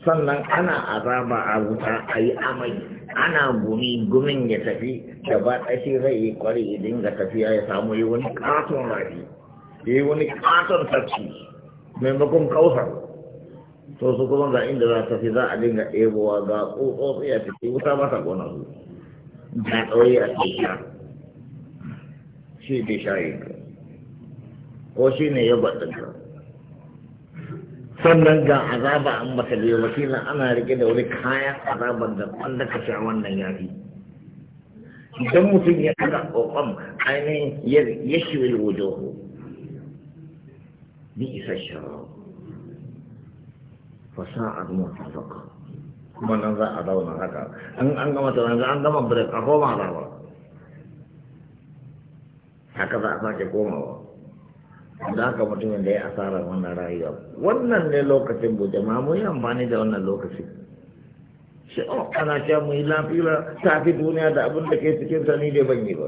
sannan ana azaba a wuta a yi amai ana gumi gumin ya tafi da ba ɗashi zai yi kwari ya dinga tafiya ya samu yi wani katon rafi ya yi wani katon tafki maimakon kausar to su kuma ga inda za tafi za a dinga ɗebowa ga tsotsotsi a ciki wuta ba ta gona su da ɗauye a ciki shi bai shayi ko shi ne ya baɗin sannan ga azaba an bata biyo wakila ana rike da wani kayan azaban da wanda ka sha wannan yafi idan mutum ya ɗaga ƙoƙon ainihin ya wajen ku, bi isa shara fasa'ar mutafaka kuma nan za a zauna haka in an gama tunan an gama break a koma rawa haka za a sake komawa da haka mutumin da ya asara wannan rayuwa wannan ne lokacin bu ma mu yi amfani da wannan lokaci shi o oh, ana cewa mu yi lafiya ta fi duniya da abin da ke cikin sani da ban yi ba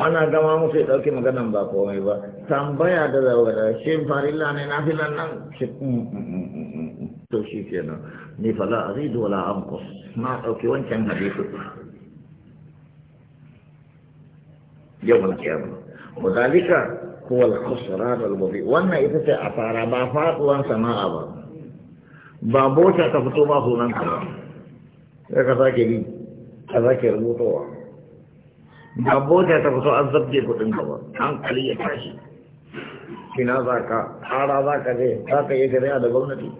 ana gama musu ya ɗauki maganan ba komai ba tambaya da zaura shi la ne na fi nan shi mm, mm, mm, to shi nan ni fala azidu wala anqus na ɗauki wancan hadisi yau mun kiyama Wadalika kuwal khusran da mubin. Wannan ita ce a fara ba faɗuwan sana'a ba. Ba bota ta fito ba sunan ka. Sai ka sake bi. Ka sake rubutowa. Ba bota ta fito an zabge kuɗin ka ba. Hankali ya tashi. Kina za ka fara za ka je za ka yi gariya da gwamnati.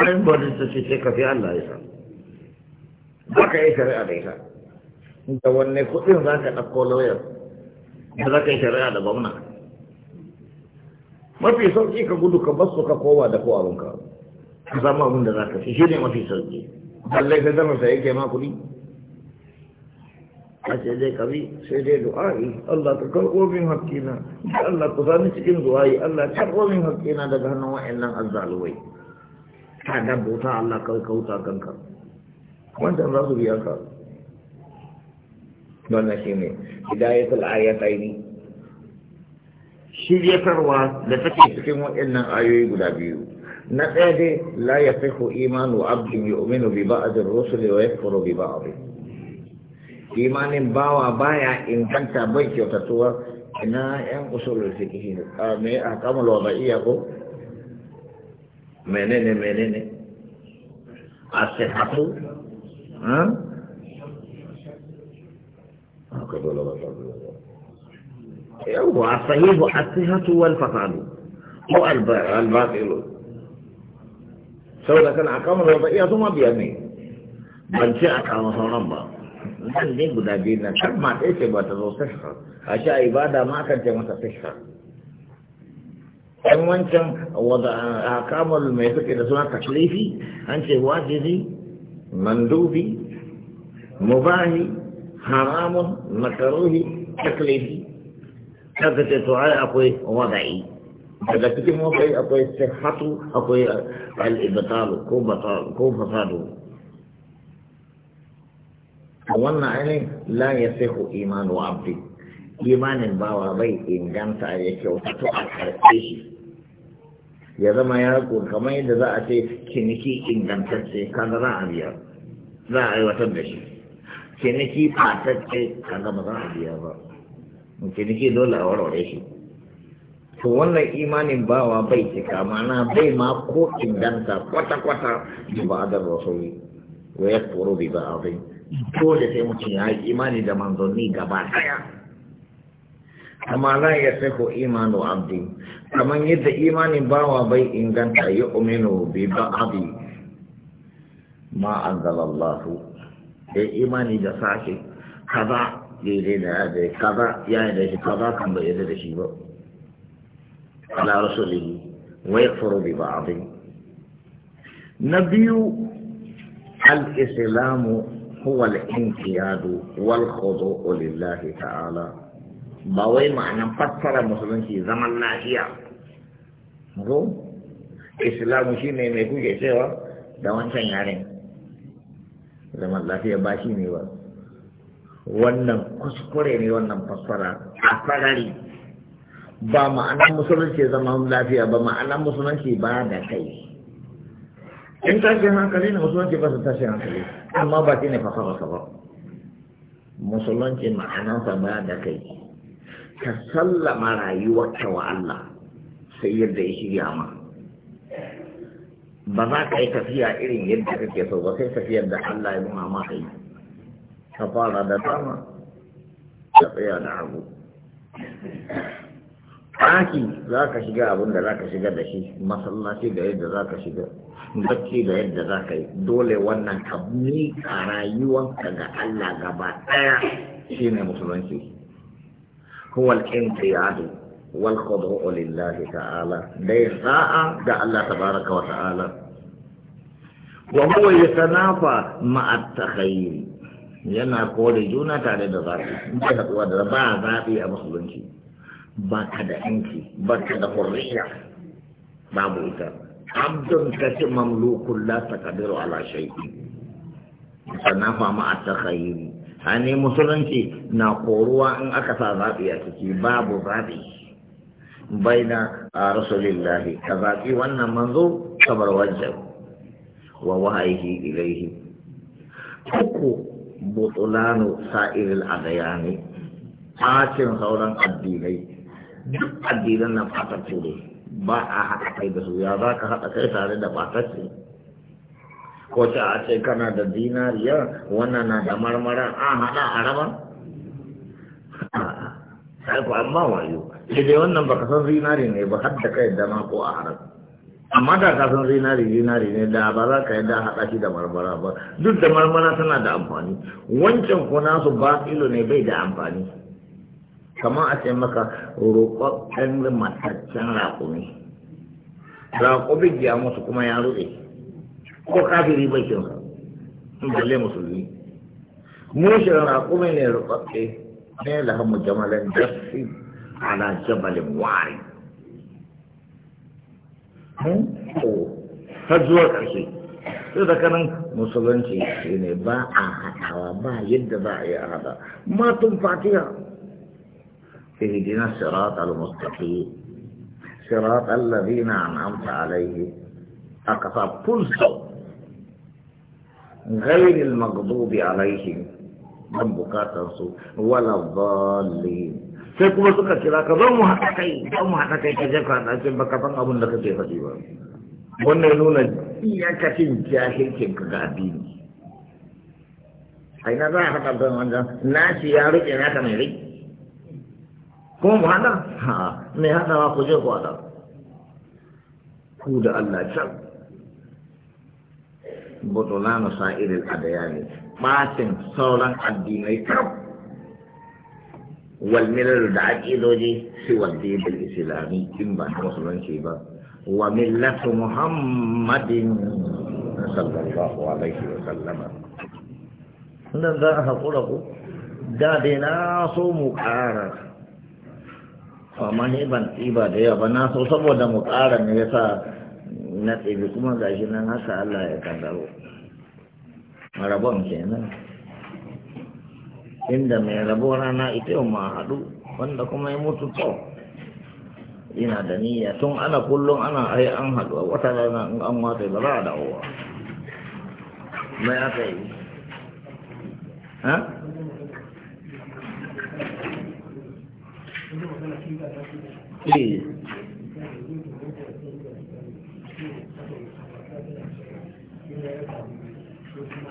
Ayin bari ta ce ka fi Allah ya sa. Ba ka yi gariya da ita. Da wanne kudin za ka ɗauko lauyar. ya za ka yi shari'a da gwamna mafi sauki ka gudu ka basu ka kowa da ko abinka ka samu abin da za ka fi shi ne mafi sauki balle sai zama sai yake ma kuɗi a ce dai kabi sai dai du'a'i Allah ka karɓo min hakkina da Allah ku sani cikin du'a'i Allah ka karɓo min hakkina daga hannun wa'annan azzalumai ta dabbota Allah ka kauta kanka Wancan za su biya ka wannan shi ne hidayatul ayataini shiryatarwa da take cikin waɗannan ayoyi guda biyu na ɗaya dai la ya fihu imanu abdin yu'minu bi ba'dir rusul wa yakfuru bi ba'd imanin bawa baya inganta bai kyautatuwa ina yan usulul fiqh me ahkamul wada'iyya ko menene menene asihatu ha haka dole ba sahihu as-sihhatu fasadu ko al-batilu saboda kana akamar wata iya sun biyar ne ban ce a kama sauran ba nan ne guda biyu nan kan ma ɗaya ce ba ta a sha ibada ma kan ce mata sihha ɗan wancan wadda a kamar mai suke da suna taklifi an wajibi mandubi mubahi haramun nakarohi, taklifi kaga ce to ai akwai wada'i daga cikin wada'i akwai sihhatu akwai al-ibtalu ko batal ko fasadu wannan ainihin la yasihu imanu abdi imanin bawa bai inganta ya kyautatu a karɓe shi ya zama ya riko kamar yadda za a ce ciniki ingantacce kaga za a biya za a aiwatar da shi ciniki fatacce kaga ba za a biya ba ciniki dole a warware shi to wannan imanin bawa bai cika mana bai ma ko inganta kwata-kwata da ba da rasuli wa ya furo bi ba abin dole sai mutum ya yi imani da manzanni gaba daya amma la ya ko imanu abdi kamar yadda imanin bawa bai inganta ya uminu bi ba abi ma anzalallahu da imani da sashe kaza daidai da ya da kaza ya yi da shi kaza kan bai da shi ba ala rasulihi wa ba bi ba'dhi na biyu al-islamu huwa al-inqiyadu wal khudu'u lillahi ta'ala ba wai ma'anan fassara musulunci zaman lafiya ko islamu shine mai kuke cewa da wancan yaren zaman lafiya ba shi ne ba wannan kuskure ne wannan fassara a sarari ba ma'anar musulunci zaman lafiya ba ma'anar musulunci ba da kai in tashin hankali ne musulunci ba su tashin hankali amma ba shi ne fassara ba musulunci ma'anarsa ba da kai ka sallama rayuwarka wa Allah sai yadda ya shirya ma ba za ka yi tafiya irin yadda kake so ba sai tafiyar da Allah ya nuna maka yi ka fara da dama ka tsaya da hagu ɗaki za ka shiga abin da za ka shiga da shi masallaci da yadda za ka shiga bacci da yadda za ka yi dole wannan ka miƙa rayuwanka ga Allah gaba ɗaya Shi ne musulunci yi inqiyadu ta'ala والخضوع لله تعالى ليساء دع الله تبارك وتعالى وهو يتنافى مع التخيل yana kore juna tare da zafi in ka haɗuwa da ba zafi a musulunci ba ka da inci ba ka da hurriya babu ita abdun ka ci mamlukun la takadiru ala shaiki sannan fama a takhayiri a ne musulunci na koruwa in aka sa zafi a ciki babu zafi baina a rasulillahi ka zaɓi wannan manzo ka bar wajen wa wahayi ilaihi uku butulanu sa'iril adayani ɓacin sauran addinai duk addinan na fatattu ne ba a haɗa kai da su ya za ka haɗa kai tare da fatattu ko ta a ce kana da dinariya wannan na da marmara an haɗa a raba sai ku amma wayo sai dai wannan baka san zinari ne ba har da kai da ma ko a haram amma da ka san zinari zinari ne da ba za ka yi da haɗa shi da marmara ba duk da marmara tana da amfani wancan ko nasu ba ilo ne bai da amfani kamar a ce maka roƙaƙƙen mataccen raƙumi Raƙumi ya musu kuma ya ruɗe ko kafiri bai kin balle musulmi mushin raƙumi ne ruɓaɓɓe لهم جمل الدف على جبل ها وعري فجوة كشي إذا كان مسلمين شيء با أحد أو با يد با أحد ما تنفعتها اهدنا الصراط المستقيم صراط الذين أنعمت عليه أقصى فلسو غير المغضوب عليهم ban bukatar su wala sai kuma suka kira ka zan mu haɗa kai zan mu haɗa kai ka baka san abin da kake faɗi ba wannan nuna iyakacin jahilcin ka ga addini a za a haɗa wanda na ya riƙe na ka mai kuma mu haɗa ha mai haɗawa ku je ku haɗa ku da Allah can matin sauran addinai kan wal milal da aqidoji si wal din al islami in ba musulunci ba wa millat muhammadin sallallahu alaihi wa sallama dan da hakura ku da de na so mu qara fa man ban tiba da ba na so saboda mu ƙara ne ya sa na tsibi kuma gashi nan haka Allah ya kaddaro rabon kenan inda mai rabo rana ita yau ma haɗu wanda kuma ya mutu to ina da niyya tun ana kullum ana ai an haɗu a wata rana in an wata ba za a dawowa mai aka yi ha? Please.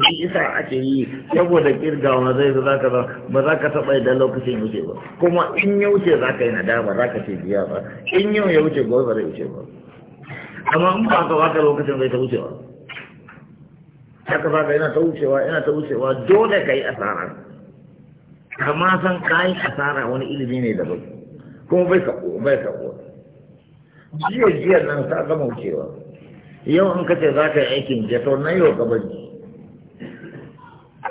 shi isa ake yi saboda kirgawa zai zo zaka ba ba za ka taɓa idan lokacin wuce ba kuma in ya wuce za ka yi na dama za ka ce biya ba in yau ya wuce gobe ba zai wuce ba amma in ba ka baka lokacin zai ta wucewa haka ba ka yana ta wucewa yana ta wucewa dole ka yi asara kama san ka yi asara wani ilimi ne daban kuma bai kaɓo bai kaɓo jiya jiya nan ta gama wucewa yau in ka ce za ka yi aikin jeto na yau ka bari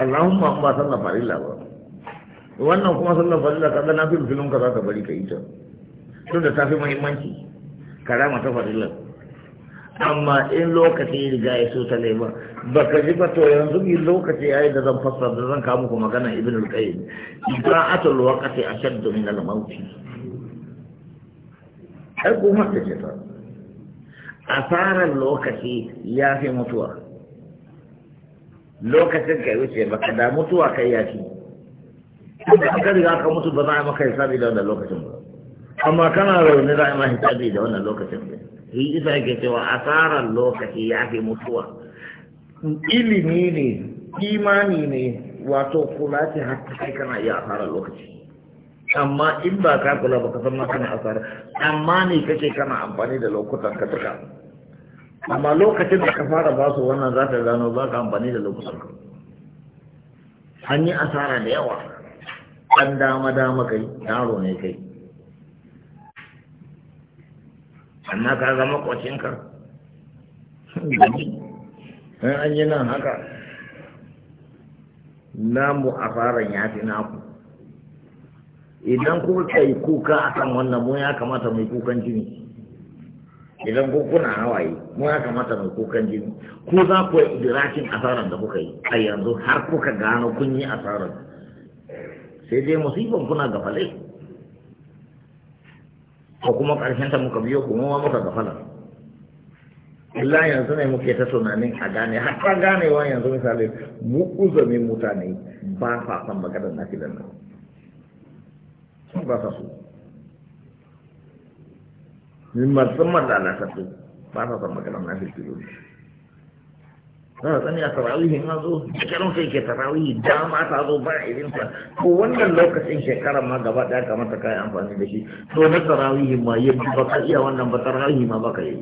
ma ba sallar farilla ba wannan kuma sallar farilla kaga na filfilin ka zaka bari ka yi ta tun da tafi muhimmanci karama ta farilla amma in lokaci riga ya so ta laiba ba ka ji ba to yanzu in lokaci ya yi da zan fasa da zan kawo muku magana ibn al-qayyim ibra'atul waqti ashaddu min al-maut ai kuma ta ce ta asarar lokaci ya fi mutuwa lokacin ka wuce baka da mutuwa kai ya ci tunda aka riga ka mutu ba za a maka hisabi da wannan lokacin ba amma kana rauni za a ma hisabi da wannan lokacin ba yi isa yake cewa asarar lokaci ya fi mutuwa ilimi ne imani ne wato kula ce ta kai kana iya asarar lokaci amma in ba ka kula ba ka san ma kana asara amma ne kake kana amfani da lokutan ka duka amma lokacin da ka fara ba su wannan za ta gano ba ka amfani da lokacin an yi asara da yawa An dama dama kai yaro ne kai amma ka zama kwacinka in an yi nan haka namu a fara ya fi naku idan kuka yi kuka a kan wannan mu ya kamata mai kukan jini idan ku kuna hawaye mu ya kamata mu kukan jini ku za ku yi idrakin asarar da kuka yi a yanzu har kuka gano kun yi asarar sai dai musibin kuna gafale ko kuma karshen ta muka biyo kuma muka gafala illa yanzu ne muke ta tunanin a gane har ta ganewa yanzu misali mu uzumi mutane ba sa san maganar nafilan nan ba sa su musamman lalatattu ba ta san maganar na filfilo ne na tsani a tarawihi na zo shekarun sai ke tarawihi dama ta zo ba irin ta ko wannan lokacin shekarar ma gaba daya kamata kai amfani da shi to na tarawihi ma yadda ba ka iya wannan ba tarawihi ma ba ka yi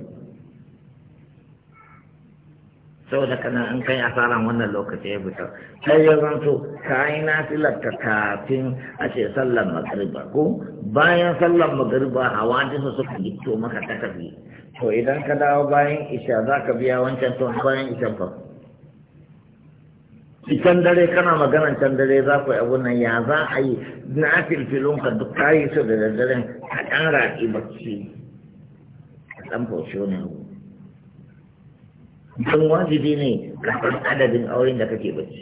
saboda kana in kai asaran wannan lokaci ya fito sai ya zanto ka yi nafilarta kafin a ce sallar magariba ko bayan sallar magariba hawa su suka gito maka ta tafi to idan ka dawo bayan isha za ka biya wancan to bayan isha ba can dare kana maganan can dare za ku yi abun nan ya za a yi na ka duk kayi su da daddaren a ɗan raƙi bacci a ɗan faushi wani abu don wajibi ne kafin adadin auren da kake bacci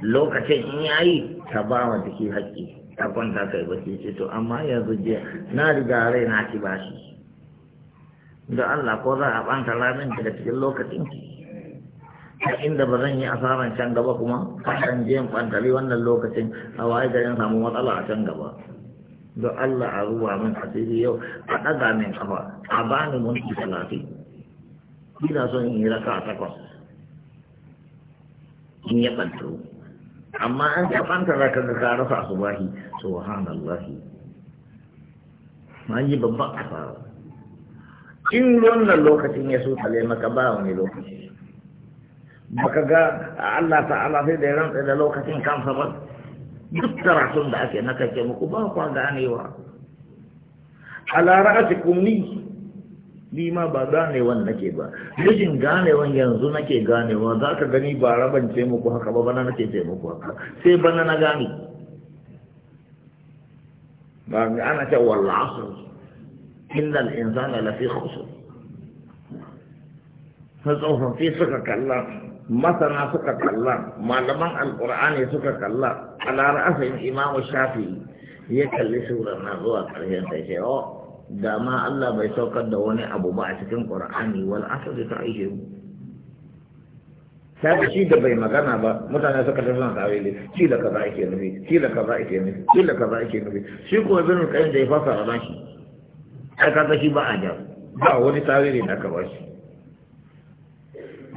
lokacin in ya yi ta ba wa jiki haƙƙi ta kwanta kai bacci ce to amma yanzu je na riga rai na ci bashi da Allah ko za a banta ramin daga cikin lokacin ta inda ba zan yi asaran can gaba kuma kan je in ɓantari wannan lokacin a waye garin samu matsala a can gaba don Allah a ruwa min asiri yau a ɗaga min kafa a bani mun talatin ina son in yi raka a takwas in ya ɓanto amma an ka ɓanta za ka ga ka So, asubahi subhanallahi ma yi babban asara in wannan lokacin ya so tale maka ba wani lokaci baka ga Allah ta'ala sai da ya rantsa da lokacin kansa ba duk karatun da ake naka ce muku ba kwa ganewa ala ra'atikum ni ni ma ba ganewan nake ba mijin ganewan yanzu nake ganewa za ka gani ba raban ce muku haka ba bana nake ce muku haka sai bana na gane ba ana ce wallahi inna al insana lafi khusr fa tsofaffi suka kalla masana suka kalla malaman alqur'ani suka kalla ala ra'asin imamu shafi'i ya kalli suran na zuwa karshen sai ce oh da ma Allah bai saukar da wani abu ba a cikin ƙur'ani wal asali ta aishe mu sai shi da bai magana ba mutane suka ta suna da shi da kaza ke nufi shi da kaza ke nufi shi da kaza ke nufi shi kuma bin kayan da ya fasa ran shi ai kaga shi ba a ja ba wani ne da ka ba shi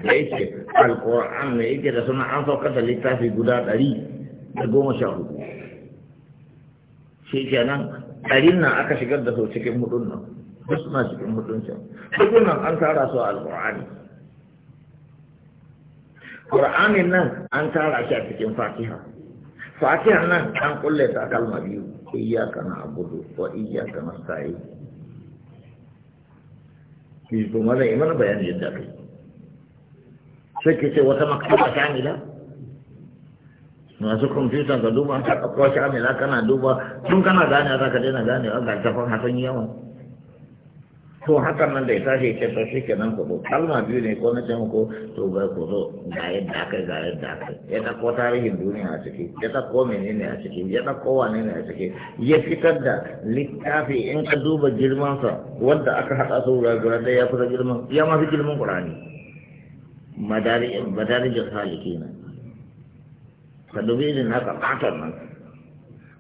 da yake alƙur'an ne yake da suna an saukar da littafi guda ɗari da goma sha hudu shi kenan ɗarin nan aka shigar da su cikin mutum nan duk suna cikin mutum can cikin nan an tara su a alƙur'ani ƙur'anin nan an tara shi a cikin fatiha fatiha nan an kulle ta kalma biyu iyaka na abudu wa iyaka na sa'i ki zo mana imana bayanin yadda kai sai ke ce wata maktaba da masu kwamfuta ka duba ka kakwa shi amila kana duba tun kana gane za ka daina gane a gartafan hasan yawa to hakan nan da ya tashi ke to shi kenan kudu kalma biyu ne ko na can ko to bai ku zo ga yadda aka ga yadda aka ya ɗauko tarihin duniya a ciki ya ko menene a ciki ya ko wane ne a ciki ya fitar da littafi in ka duba girmansa wanda aka haɗa su wurare da ya fi girman ya ma fi girman ƙurani madarijin salikina ka dubi irin na fatan nan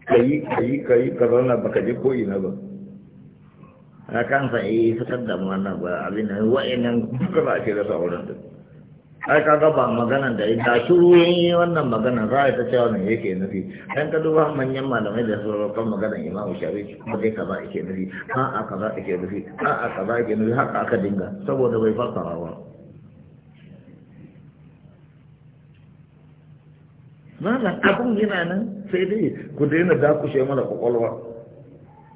ka yi ka yi ka yi ka zauna ba ka je ko ina ba kan kansa eh fitar da wannan ba abin nan wa'annan duka ba ake rasa sauran duk ai ga ba maganan da da shiru yayin wannan magana za a ta cewa wannan yake nufi dan ka duba manyan malamai da su kan maganan Imam Shafi ko dai kaza yake nufi ha a kaza yake nufi ha a kaza yake nufi haka aka dinga saboda bai fasara ba malam abin yana nan sai dai ku daina shi mana kwakwalwa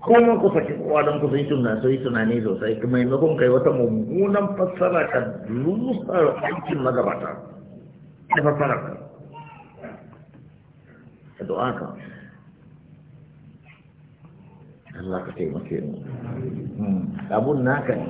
kuma ku saki don ku sun tuna sai tunani sosai kuma maimakon kai wata mummunan fassara ka lusa aikin magabata da fassara ka da do'a ka Allah ka taimake mu hmm, abun naka ne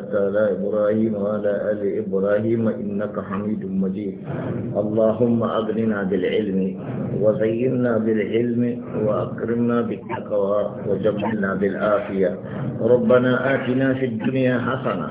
باركت على إبراهيم وعلى آل إبراهيم إنك حميد مجيد اللهم أغننا بالعلم وزينا بالعلم وأكرمنا بالتقوى وجملنا بالآفية ربنا آتنا في الدنيا حسنة